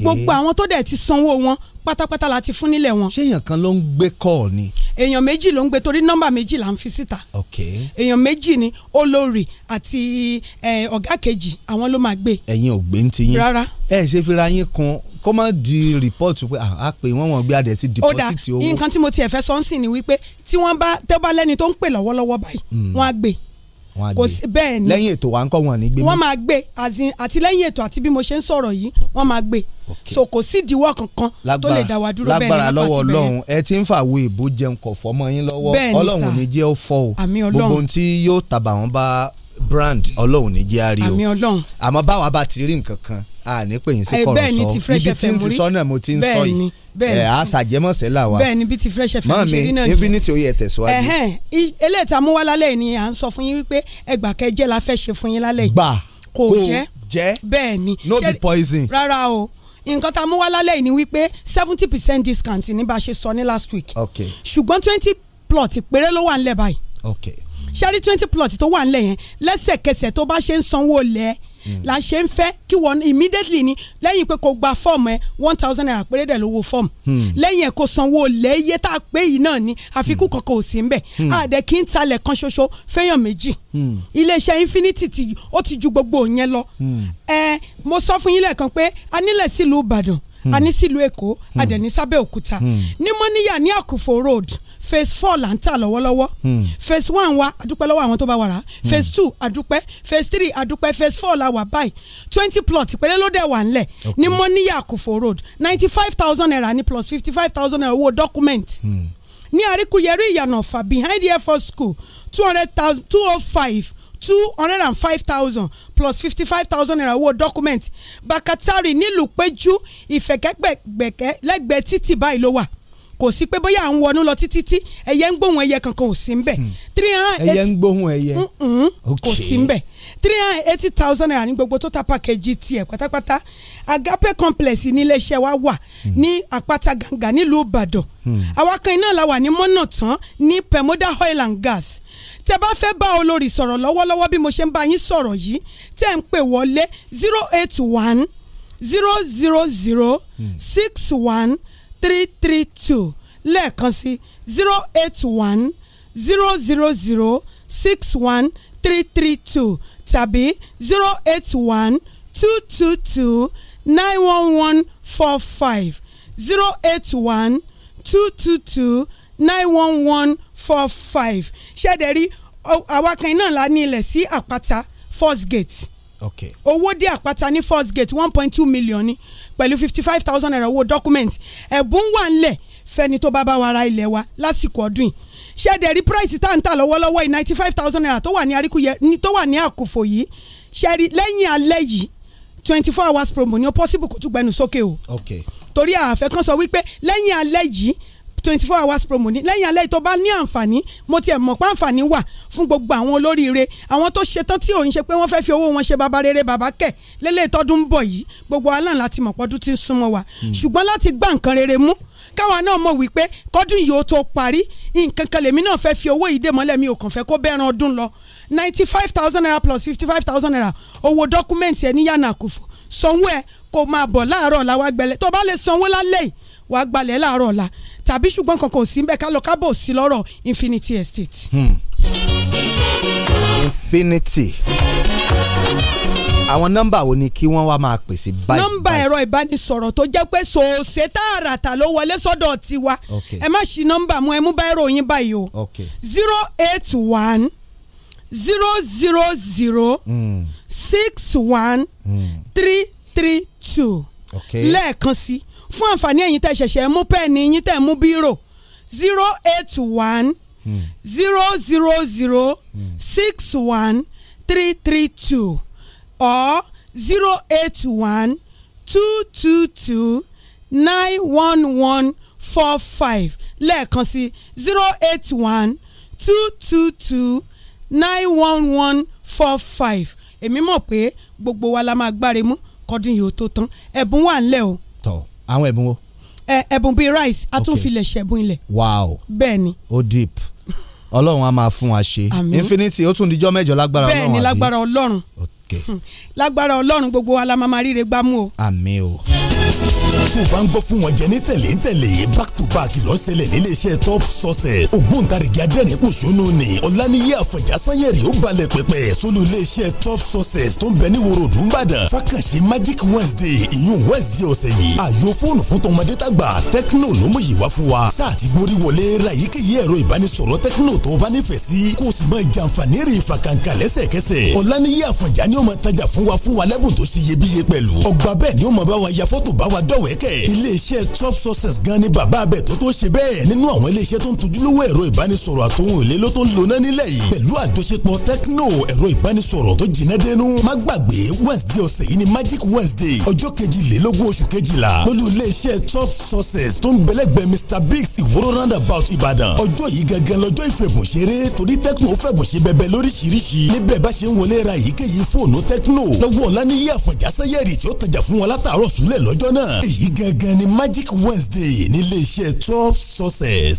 gbogbo àwọn tó dẹ̀ ti sanwó wọn pátápátá la ti fún nílẹ̀ wọn. ṣé èèyàn kan ló ń gbé kọ́ ọ ni. èèyàn méjì ló ń gbé torí nọ́mbà méjì là ń fi síta. ok èèyàn méjì ni olórí àti ọ̀gá kejì àwọn ló máa gbé. ẹ̀yin ò gbé ń ti yín rárá. ẹ ṣe fira yín kun kó má di rìpọ́ọ̀tù pé a pè wọ́n wọ́n gbé adẹ̀ ti dìpọ́sìtì owó. ó dà nǹkan tí mo tiẹ̀ fẹ́ sọ ń sìn ni wípé tí wọ́n bá tẹ́ bá lẹ́ni tó ń pè lọ́wọ́lọ́wọ́ báyìí hmm. wọ́n á gbé kò sí bẹ́ẹ̀ ni lẹ́yìn ètò wa ń kọ́ wọn ní gbé mi. wọ́n máa gbé àti lẹ́yìn ètò àti bí mo ṣe ń sọ̀rọ̀ yìí wọ́n máa gbé so kò sí ìdíwọ́ kankan tó lè dá wa dúró bẹ́ẹ̀ ni lágbára lọ́wọ́ ọlọ́run ẹ ti ń fàwo ìbò jẹun kọ̀fọ́ mọ́ yín lọ́wọ́ ọlọ́run ò ní jẹ́ ó fọ́ o gbogbo ohun tí yóò tàbà wọn bá brand ọlọ́run ní jẹ́ àrí o àmì ọlọ́run àmọ́ báwa bá ti rí nǹkan kan a ní pè yín sí kọ̀rọ̀ sọ ibi tí n ti sọ náà mo ti ń sọ yìí ẹ̀ á ṣàjẹmọ̀sẹ̀ là wa bẹ́ẹ̀ ni bí ti fresh fm ṣe rí náà ni mọ̀ mi infinity oyè tẹ̀síwájú. ẹ̀hẹ́n eléyìí tá ni à ń sọ fún yín wípé ẹgbà kẹjẹ la fẹ́ ṣe fún yín lálẹ́ yìí gbà kò jẹ́ bẹ́ẹ̀ no be poison rárá o nǹkan tá a mú wá ni wípé seventy percent discount ní bá a ṣe sọ ní last week ṣùgbọ́n twenty plot péré ló wà nílẹ̀ báyìí ṣẹ́rí twenty plot tó wà nílẹ̀ yẹn lẹ́sẹ̀kẹsẹ̀ tó bá ṣe ń sanwó lẹ̀ hmm. la ṣe ń fẹ́ kí wọ́n immediately ni lẹ́yìn pé kò gba fọ́ọ̀mù ẹ one thousand naira péré dẹ̀ lówó fọ́ọ̀mù hmm. lẹ́yìn ẹ̀ kò sanwó lẹ̀ iye tá a pé yìí náà ni àfikún hmm. kankan ò sí ń bẹ̀ àdẹ kí n talẹ̀ kan ṣoṣo fẹ́yàn méjì iléeṣẹ́ infinity ti ó ti ju gbogbo yẹn lọ ẹ mo sọ fún yín lẹ́ẹ̀kan pé a nílẹ̀ sílùú Ìbàdàn a ní sílùú Èkó a ní sábẹ́ òkúta ní mọ́níyà ní àkùfò road phase four là ń tà lọ́wọ́lọ́wọ́ hmm. phase one wa adúpẹ́ lọ́wọ́ àwọn tó bá wà hmm. phase two adúpẹ́ phase three adúpẹ́ phase four la wà báyìí twenty plot ìpínlẹ̀ ló dẹ̀ wà ńlẹ̀ ní mọ́níyà àkófò road ninety five thousand naira ní plus fifty five thousand naira owó document hmm. ní àríkúyẹrí ìyànà ọ̀fà behind the air force school two hundred thousand two oh five two hundred and five thousand plus fifty five thousand naira owó document bakatari nílùú péjú ìfẹ̀kẹ́gbẹ̀gbẹ̀kẹ́ lẹ́gbẹ̀ẹ́ títì báyìí ló wà kò sí pé bóyá à ń wọnú lọ títí tí ẹyẹ ń gbóhùn ẹyẹ kankan ò sí ń bẹ̀. Hmm. three hundred eighty ẹyẹ ń gbóhùn ẹyẹ kò sí ń bẹ̀ three hundred eighty thousand naira ní gbogbo total package tiẹ̀ pátápátá agape complex ní iléeṣẹ́ wa wà hmm. ní àpáta gàǹgà nílùú ìbàdàn hmm. àwa kan iná la wà ní mọ́nàtán ní pemoda oil and gas tẹ bá fẹ́ bá olórí sọ̀rọ̀ lọ́wọ́lọ́wọ́ bí mo ṣe ń bá yín sọ̀rọ̀ yìí tẹ́ ń pè wọlé zero eight one zero zero zero six one three three two lẹ́ẹ̀kan sí zero eight one zero zero zero six one three three two tàbí zero eight one two two two nine one one four five zero eight one two two two nine one one four five ṣẹ́ẹ̀dẹ̀ rí àwa kan la ní ilẹ̀ sí àpáta first gate owó dé àpáta ní first gate one point two million ni pẹ̀lú fifty five thousand naira owó document ẹ̀bùn wà ńlẹ̀ fẹ́ni tó bá bá wa ra ilẹ̀ wa lásìkò ọdún yìí ṣẹ́ẹ̀dẹ̀ rí price tá à ń tà lọ́wọ́lọ́wọ́ yìí ninety five thousand naira tó wà ní aríkúyẹ tó wà ní àkòfò yìí ṣẹ́ẹ̀rí lẹ́yìn alẹ́ yìí twenty four hours promo ni ó possible kó tún gbẹnu sókè o. okay torí àfẹ́ kan sọ wípé lẹ́yìn alẹ́ yìí twenty four hours promo ní lẹ́yìn alẹ́ tó bá ní àǹfààní mo tiẹ̀ mọ̀ pé àǹfààní wà fún gbogbo àwọn olóríire àwọn tó ṣe tán tí òun ṣe pé wọ́n fẹ́ fi owó wọn ṣe baba rere baba kẹ̀ lélẹ̀ tọ́dún ń bọ̀ yìí gbogbo aláǹ láti mọ̀ pọ́dún tí ń súnmọ́ wa hmm. ṣùgbọ́n láti gbá nǹkan rere mú káwa náà mọ̀ wípé kọ́dún yìí ó tó parí nǹkan kan lèmi náà fẹ́ fi owó yìí dè mọ́lẹ̀ mi ò kàn fẹ́ kó bẹ́ẹ̀ràn ọdún lọ ninety five thousand naira plus fifty five thousand naira owó dọ́kúmẹ̀ntì ẹ̀ ní yànnà àkùfò sanwó ẹ̀ kó máa bọ̀ láàárọ̀ ọ̀la wá gbẹlẹ̀ tó bá lè sanwó lálẹ́ yìí wá gbalẹ̀ láàárọ̀ ọ̀la tàbí ṣùgbọ́n kankan ò sí ń bẹ̀ ká lọ kábọ̀ sí lọ́rọ̀ Infinity Estate. Hmm. Infinity àwọn nọ́mbà wo ni kí wọ́n wá máa pèsè báyìí. nọ́mbà ẹ̀rọ ìbánisọ̀rọ̀ tó jẹ́ pé sòòsè tààràtà ló wọlé sọ́dọ̀ tiwa ẹ má ṣì nọ́mbà mú ẹ mú bá ẹ̀rọ yín báyìí o zero eight one zero zero zero hmm. six one hmm. three three two lẹ́ẹ̀kan sí fún àǹfààní ẹ̀yin tẹ́ ṣẹ̀ṣẹ̀ mú pẹ́ẹ́nì yín tẹ́ mú bírò zero eight one zero zero zero six one three three two or zero eight one two two two nine one one four five lẹ́ẹ̀kan sí zero eight one two two two nine one one four five èmi mọ̀ pé gbogbo wa la máa gbáre mú kọ́dún yìí ó tó tán ẹ̀bùn wà ńlẹ̀ o àwọn ẹ̀bùn wo. ẹ ẹ̀bùn bíi rice a tún filẹ̀ ṣẹ̀bùn ilẹ̀. wow bẹ́ẹ̀ ni. ó deep ọlọ́run a máa fún wa ṣe. àmín infinity ó tún dijọ́ mẹ́jọ lágbára ọlọ́run àbí. bẹ́ẹ̀ ni lágbára ọlọ́run (laughs) lágbára ọlọ́run gbogbo wa la máa máa ríre gbámú o. àmín o tó bá ń gbọ́ fún wọn jẹ ní tẹ̀lé ń tẹ̀lé back to back lọ́sẹ̀lẹ̀ nílé iṣẹ́ top success ògbóǹtarìgì adẹ́rìn pòṣónú ni ọ̀làníyé àfọ̀njá sanyẹ̀rì ó balẹ̀ pẹ̀pẹ̀ sólù ilé iṣẹ́ top success tó ń bẹ ní wòrò dùnbàdàn fákànṣe magic wednesday ìyún wednesday ọ̀sẹ̀ yìí àyò fóònù fún tọmọdé tàgbà tecno ló mú yìí wá fún wa sáàtì gbórí wọlé ra èyíkéyìí ẹ̀rọ ìbánisọ̀rọ̀ tecno tó o bá nífẹ̀ẹ́ sí kó o sì máa jàǹfààní rìn ìfàkàǹkà lẹ́sẹ̀kẹsẹ̀ ọ̀làníyé àfọ̀njá ni ó máa tajà fún wa fún wa lẹ́bùn tó ṣe iyebíye pẹ̀lú ọgbà bẹ́ẹ̀ ni lẹ́sẹ̀kẹsẹ̀. iléeṣẹ́ top success gan ni bàbá abẹ tó tó ṣe bẹ́ẹ̀ nínú àwọn iléeṣẹ́ tó ń tojúlówó ẹ̀rọ ìbánisọ̀rọ̀ àtòhun èlé ló tó ń lona nílẹ̀ yìí pẹ̀lú àjọṣepọ̀ tecno ẹ̀rọ ìbánisọ̀rọ̀ tó jìnnà dẹnu má gbàgbé wednesday ọ̀sẹ̀ yìí ni magic wednesday ọjọ́ kejìlélógún oṣù kejìlá lólú iléeṣẹ́ top success tó ń bẹ̀lẹ́gbẹ̀ mr biggs ìwòrò roundabout ìbàdàn ọjọ́ yìí gangan lọ́jọ́ ìfẹ̀bùnṣeré torí tecno fẹ̀bùnṣe bẹ̀bẹ̀ lóríṣiríṣi níbẹ̀ bá ṣe ń wọlé ra èyíkéyìí fóònù tecno lọ́wọ́ ọ̀la ní iye àfọ̀jásẹ́yẹ̀rì tí ó tajà fún wọn látàárọ̀ súlẹ̀ lọ́jọ́ náà èyí ìgangan ni Magic Wednesday nílé iṣẹ́ twelve success.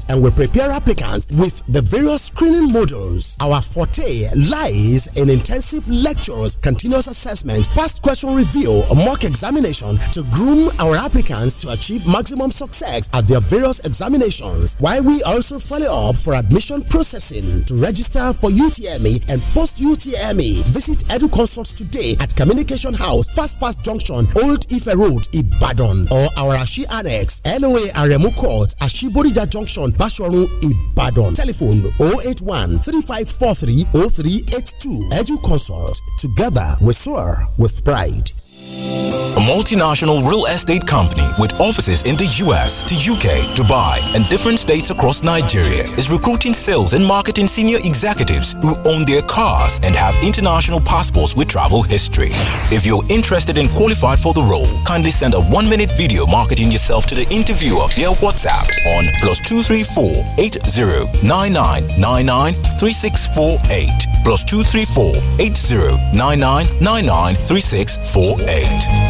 and we prepare applicants with the various screening modules. Our forte lies in intensive lectures, continuous assessment, past question review, mock examination to groom our applicants to achieve maximum success at their various examinations. While we also follow up for admission processing to register for UTME and post UTME, visit EduConsult today at Communication House, Fast Fast Junction, Old Ife Road, Ibadan, or our Ashi Annex, LOA Aremu Court, Ashibodija Junction, junction Bashorun Ibadan. Telephone 081 3543 0382. Edu Consult. Together we soar with pride. A multinational real estate company with offices in the US, the UK, Dubai, and different states across Nigeria is recruiting sales and marketing senior executives who own their cars and have international passports with travel history. If you're interested and qualified for the role, kindly send a one minute video marketing yourself to the interviewer via WhatsApp on plus 234 8099993648 plus 234 8099993648. State.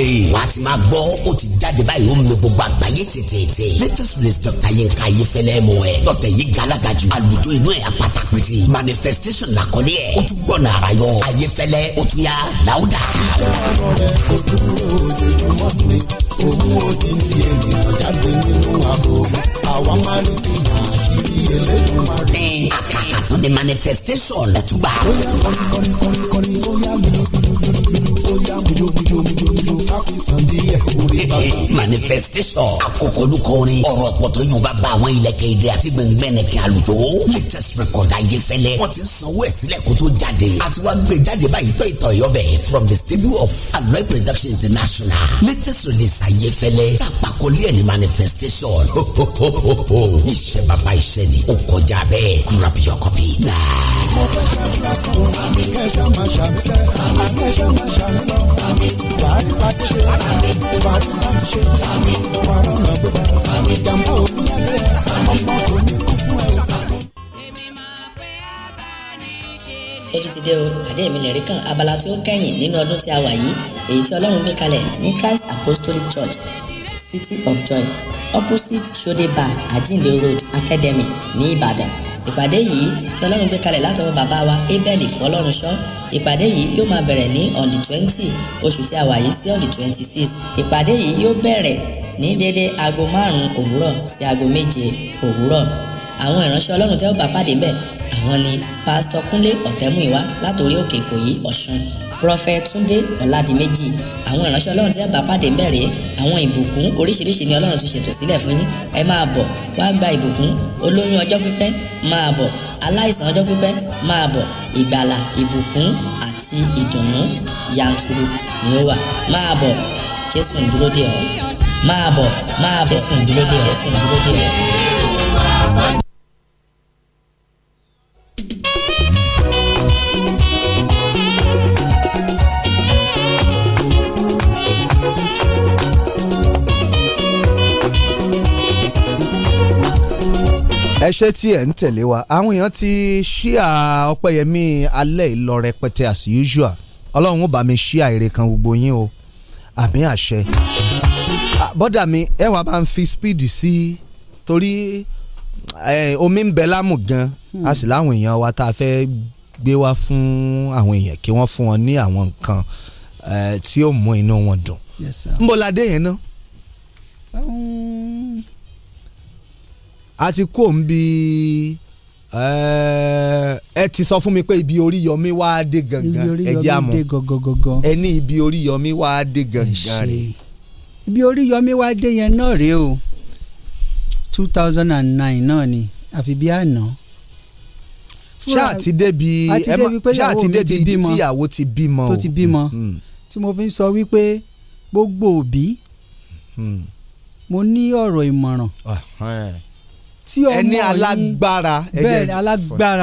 pé wàá ti máa gbọ́ ó ti jáde báyìí ó ń gbogbo àgbáyé tètè. latest release Dr. Yinka Ayefẹ́lẹ́ mọ̀ ẹ́ dọ́tẹ̀ yìí galaga jù àlùjọ inú ẹ̀ apata pété manifestation làkọ́lé ẹ̀ ó tún gbọ́nà ara yọ Ayefẹ́lẹ́ ó tún yá láwùdà. Òun ò dín ènìyàn jáde nínú àbò, àwa máa ń bí àṣírí elédùnmarè. Ẹ àkàkà tó ní manifestation lẹ́tùgbà. Bóyá kọ́ni kọ́ni kọ́ni bóyá mi, bóyá mi, bóyá mi, bóyá mi fi san díẹ̀ orí bàbá. manifestation àkókò olùkọ́ orin ọ̀rọ̀ yóò bá bá àwọn ilẹ̀kẹ̀ ìdè àti gbẹ̀ngbẹ̀nẹ̀kẹ̀ àlùjọ. latest record ayé fẹ́lẹ́ wọ́n ti sanwó ẹ̀ sílẹ̀ kó tó jáde àti wá gbé jáde báyìí tọ́ ìtọ̀ ẹ̀yọ́ bẹ̀ from the studio of aloe production international latest release ayé fẹ́lẹ́ tàpákọ́lé ẹ̀ manifestation. iṣẹ́ bàbá iṣẹ́ ni ó kọjá bẹ́ẹ̀ grab your copy now. mo fẹ́ ṣàkóso àmì àmì kẹ́sà máa ṣàmì àmì wàá ní pàtẹ́sẹ̀ ṣe tó bá kú láti ṣe tó bá kú náà ó tún ti dé o àdé mi lè rí kan abala tí kẹ́yìn nínú ọdún tí a wà yìí èyí tí ọlọ́run gbé kalẹ̀ ní Christ Apostolic Church City of Joy opposite Sode Bar Ajinde Road Academy ní Ìbàdàn ìpàdé yìí tí ọlọ́run gbé kalẹ̀ látọwọ́ bàbá wa abel ìfọlọ́runṣọ́ ìpàdé yìí yóò máa bẹ̀rẹ̀ ní on the twenty oṣù tí a wà yìí sí on the twenty six ìpàdé yìí yóò bẹ̀rẹ̀ ní déédéé aago márùn-ún òwúrọ̀ sí aago méje òwúrọ̀ àwọn ìránṣẹ́ ọlọ́run tẹ́ ó bá pàdé ńbẹ̀ àwọn ni pásítọ̀ kúnlé ọ̀tẹ́múìwá látòrí òkè ìkòyí ọ̀ṣun prophet túndé ọ̀làdìmẹ́jì àwọn ìránṣẹ́ ọlọ́run tí ẹ bá pàdé ń bẹ̀rẹ̀ àwọn ìbùkún oríṣiríṣi ni ọlọ́run ti ṣètò sílẹ̀ fún yín ẹ máa bọ̀ wá gba ìbùkún olóyún ọjọ́ pípẹ́ máa bọ̀ aláìsàn ọjọ́ pípẹ́ máa bọ̀ ìgbàlà ìbùkún àti ìdùnnú yanturu ni ó wà máa bọ̀ jésù ń dúró dè ọ́ máa bọ̀ máa bọ̀ jésù ń dúró dè ọ́ jésù ń dúró dè ọ́. ẹṣẹ́ tí ẹ̀ ń tẹ̀lé wa àwọn èèyàn ti ṣíà ọpẹ́yẹmí alẹ́ ìlọ rẹpẹtẹ as usual ọlọ́run ó bá mi ṣíà èrè kan gbogbo yín o àmì àṣẹ bọ́dà mi ẹ wàá bá ń fi speed sí torí omi ń bẹ lámù gan hmm. a sì láwọn èèyàn wa tá a fẹ́ gbé wá fún àwọn èèyàn kí wọ́n fún wọn ní àwọn nǹkan tí ó mú inú wọn dùn. ń bọ̀ yẹn náà a ti kó ń bi ẹ ti sọ fún mi pé ibi orí yọmí wá dé gangan ẹ jẹ́ àmọ́ ẹ ní ibi orí yọmí wá dé gangan rẹ̀. ibi orí yọmí wá dé yẹn náà rèé o two thousand and nine náà ni àfi bí àná. ṣáà ti débi ṣáà ti débi ibi tíyàwó ti bímọ o tó ti bímọ hmm, hmm. tí mo fi ń sọ wípé gbogbo òbí hmm. mo ní ọ̀rọ̀ ìmọ̀ràn tí ọmọ yín bẹ́ẹ̀ ni alágbára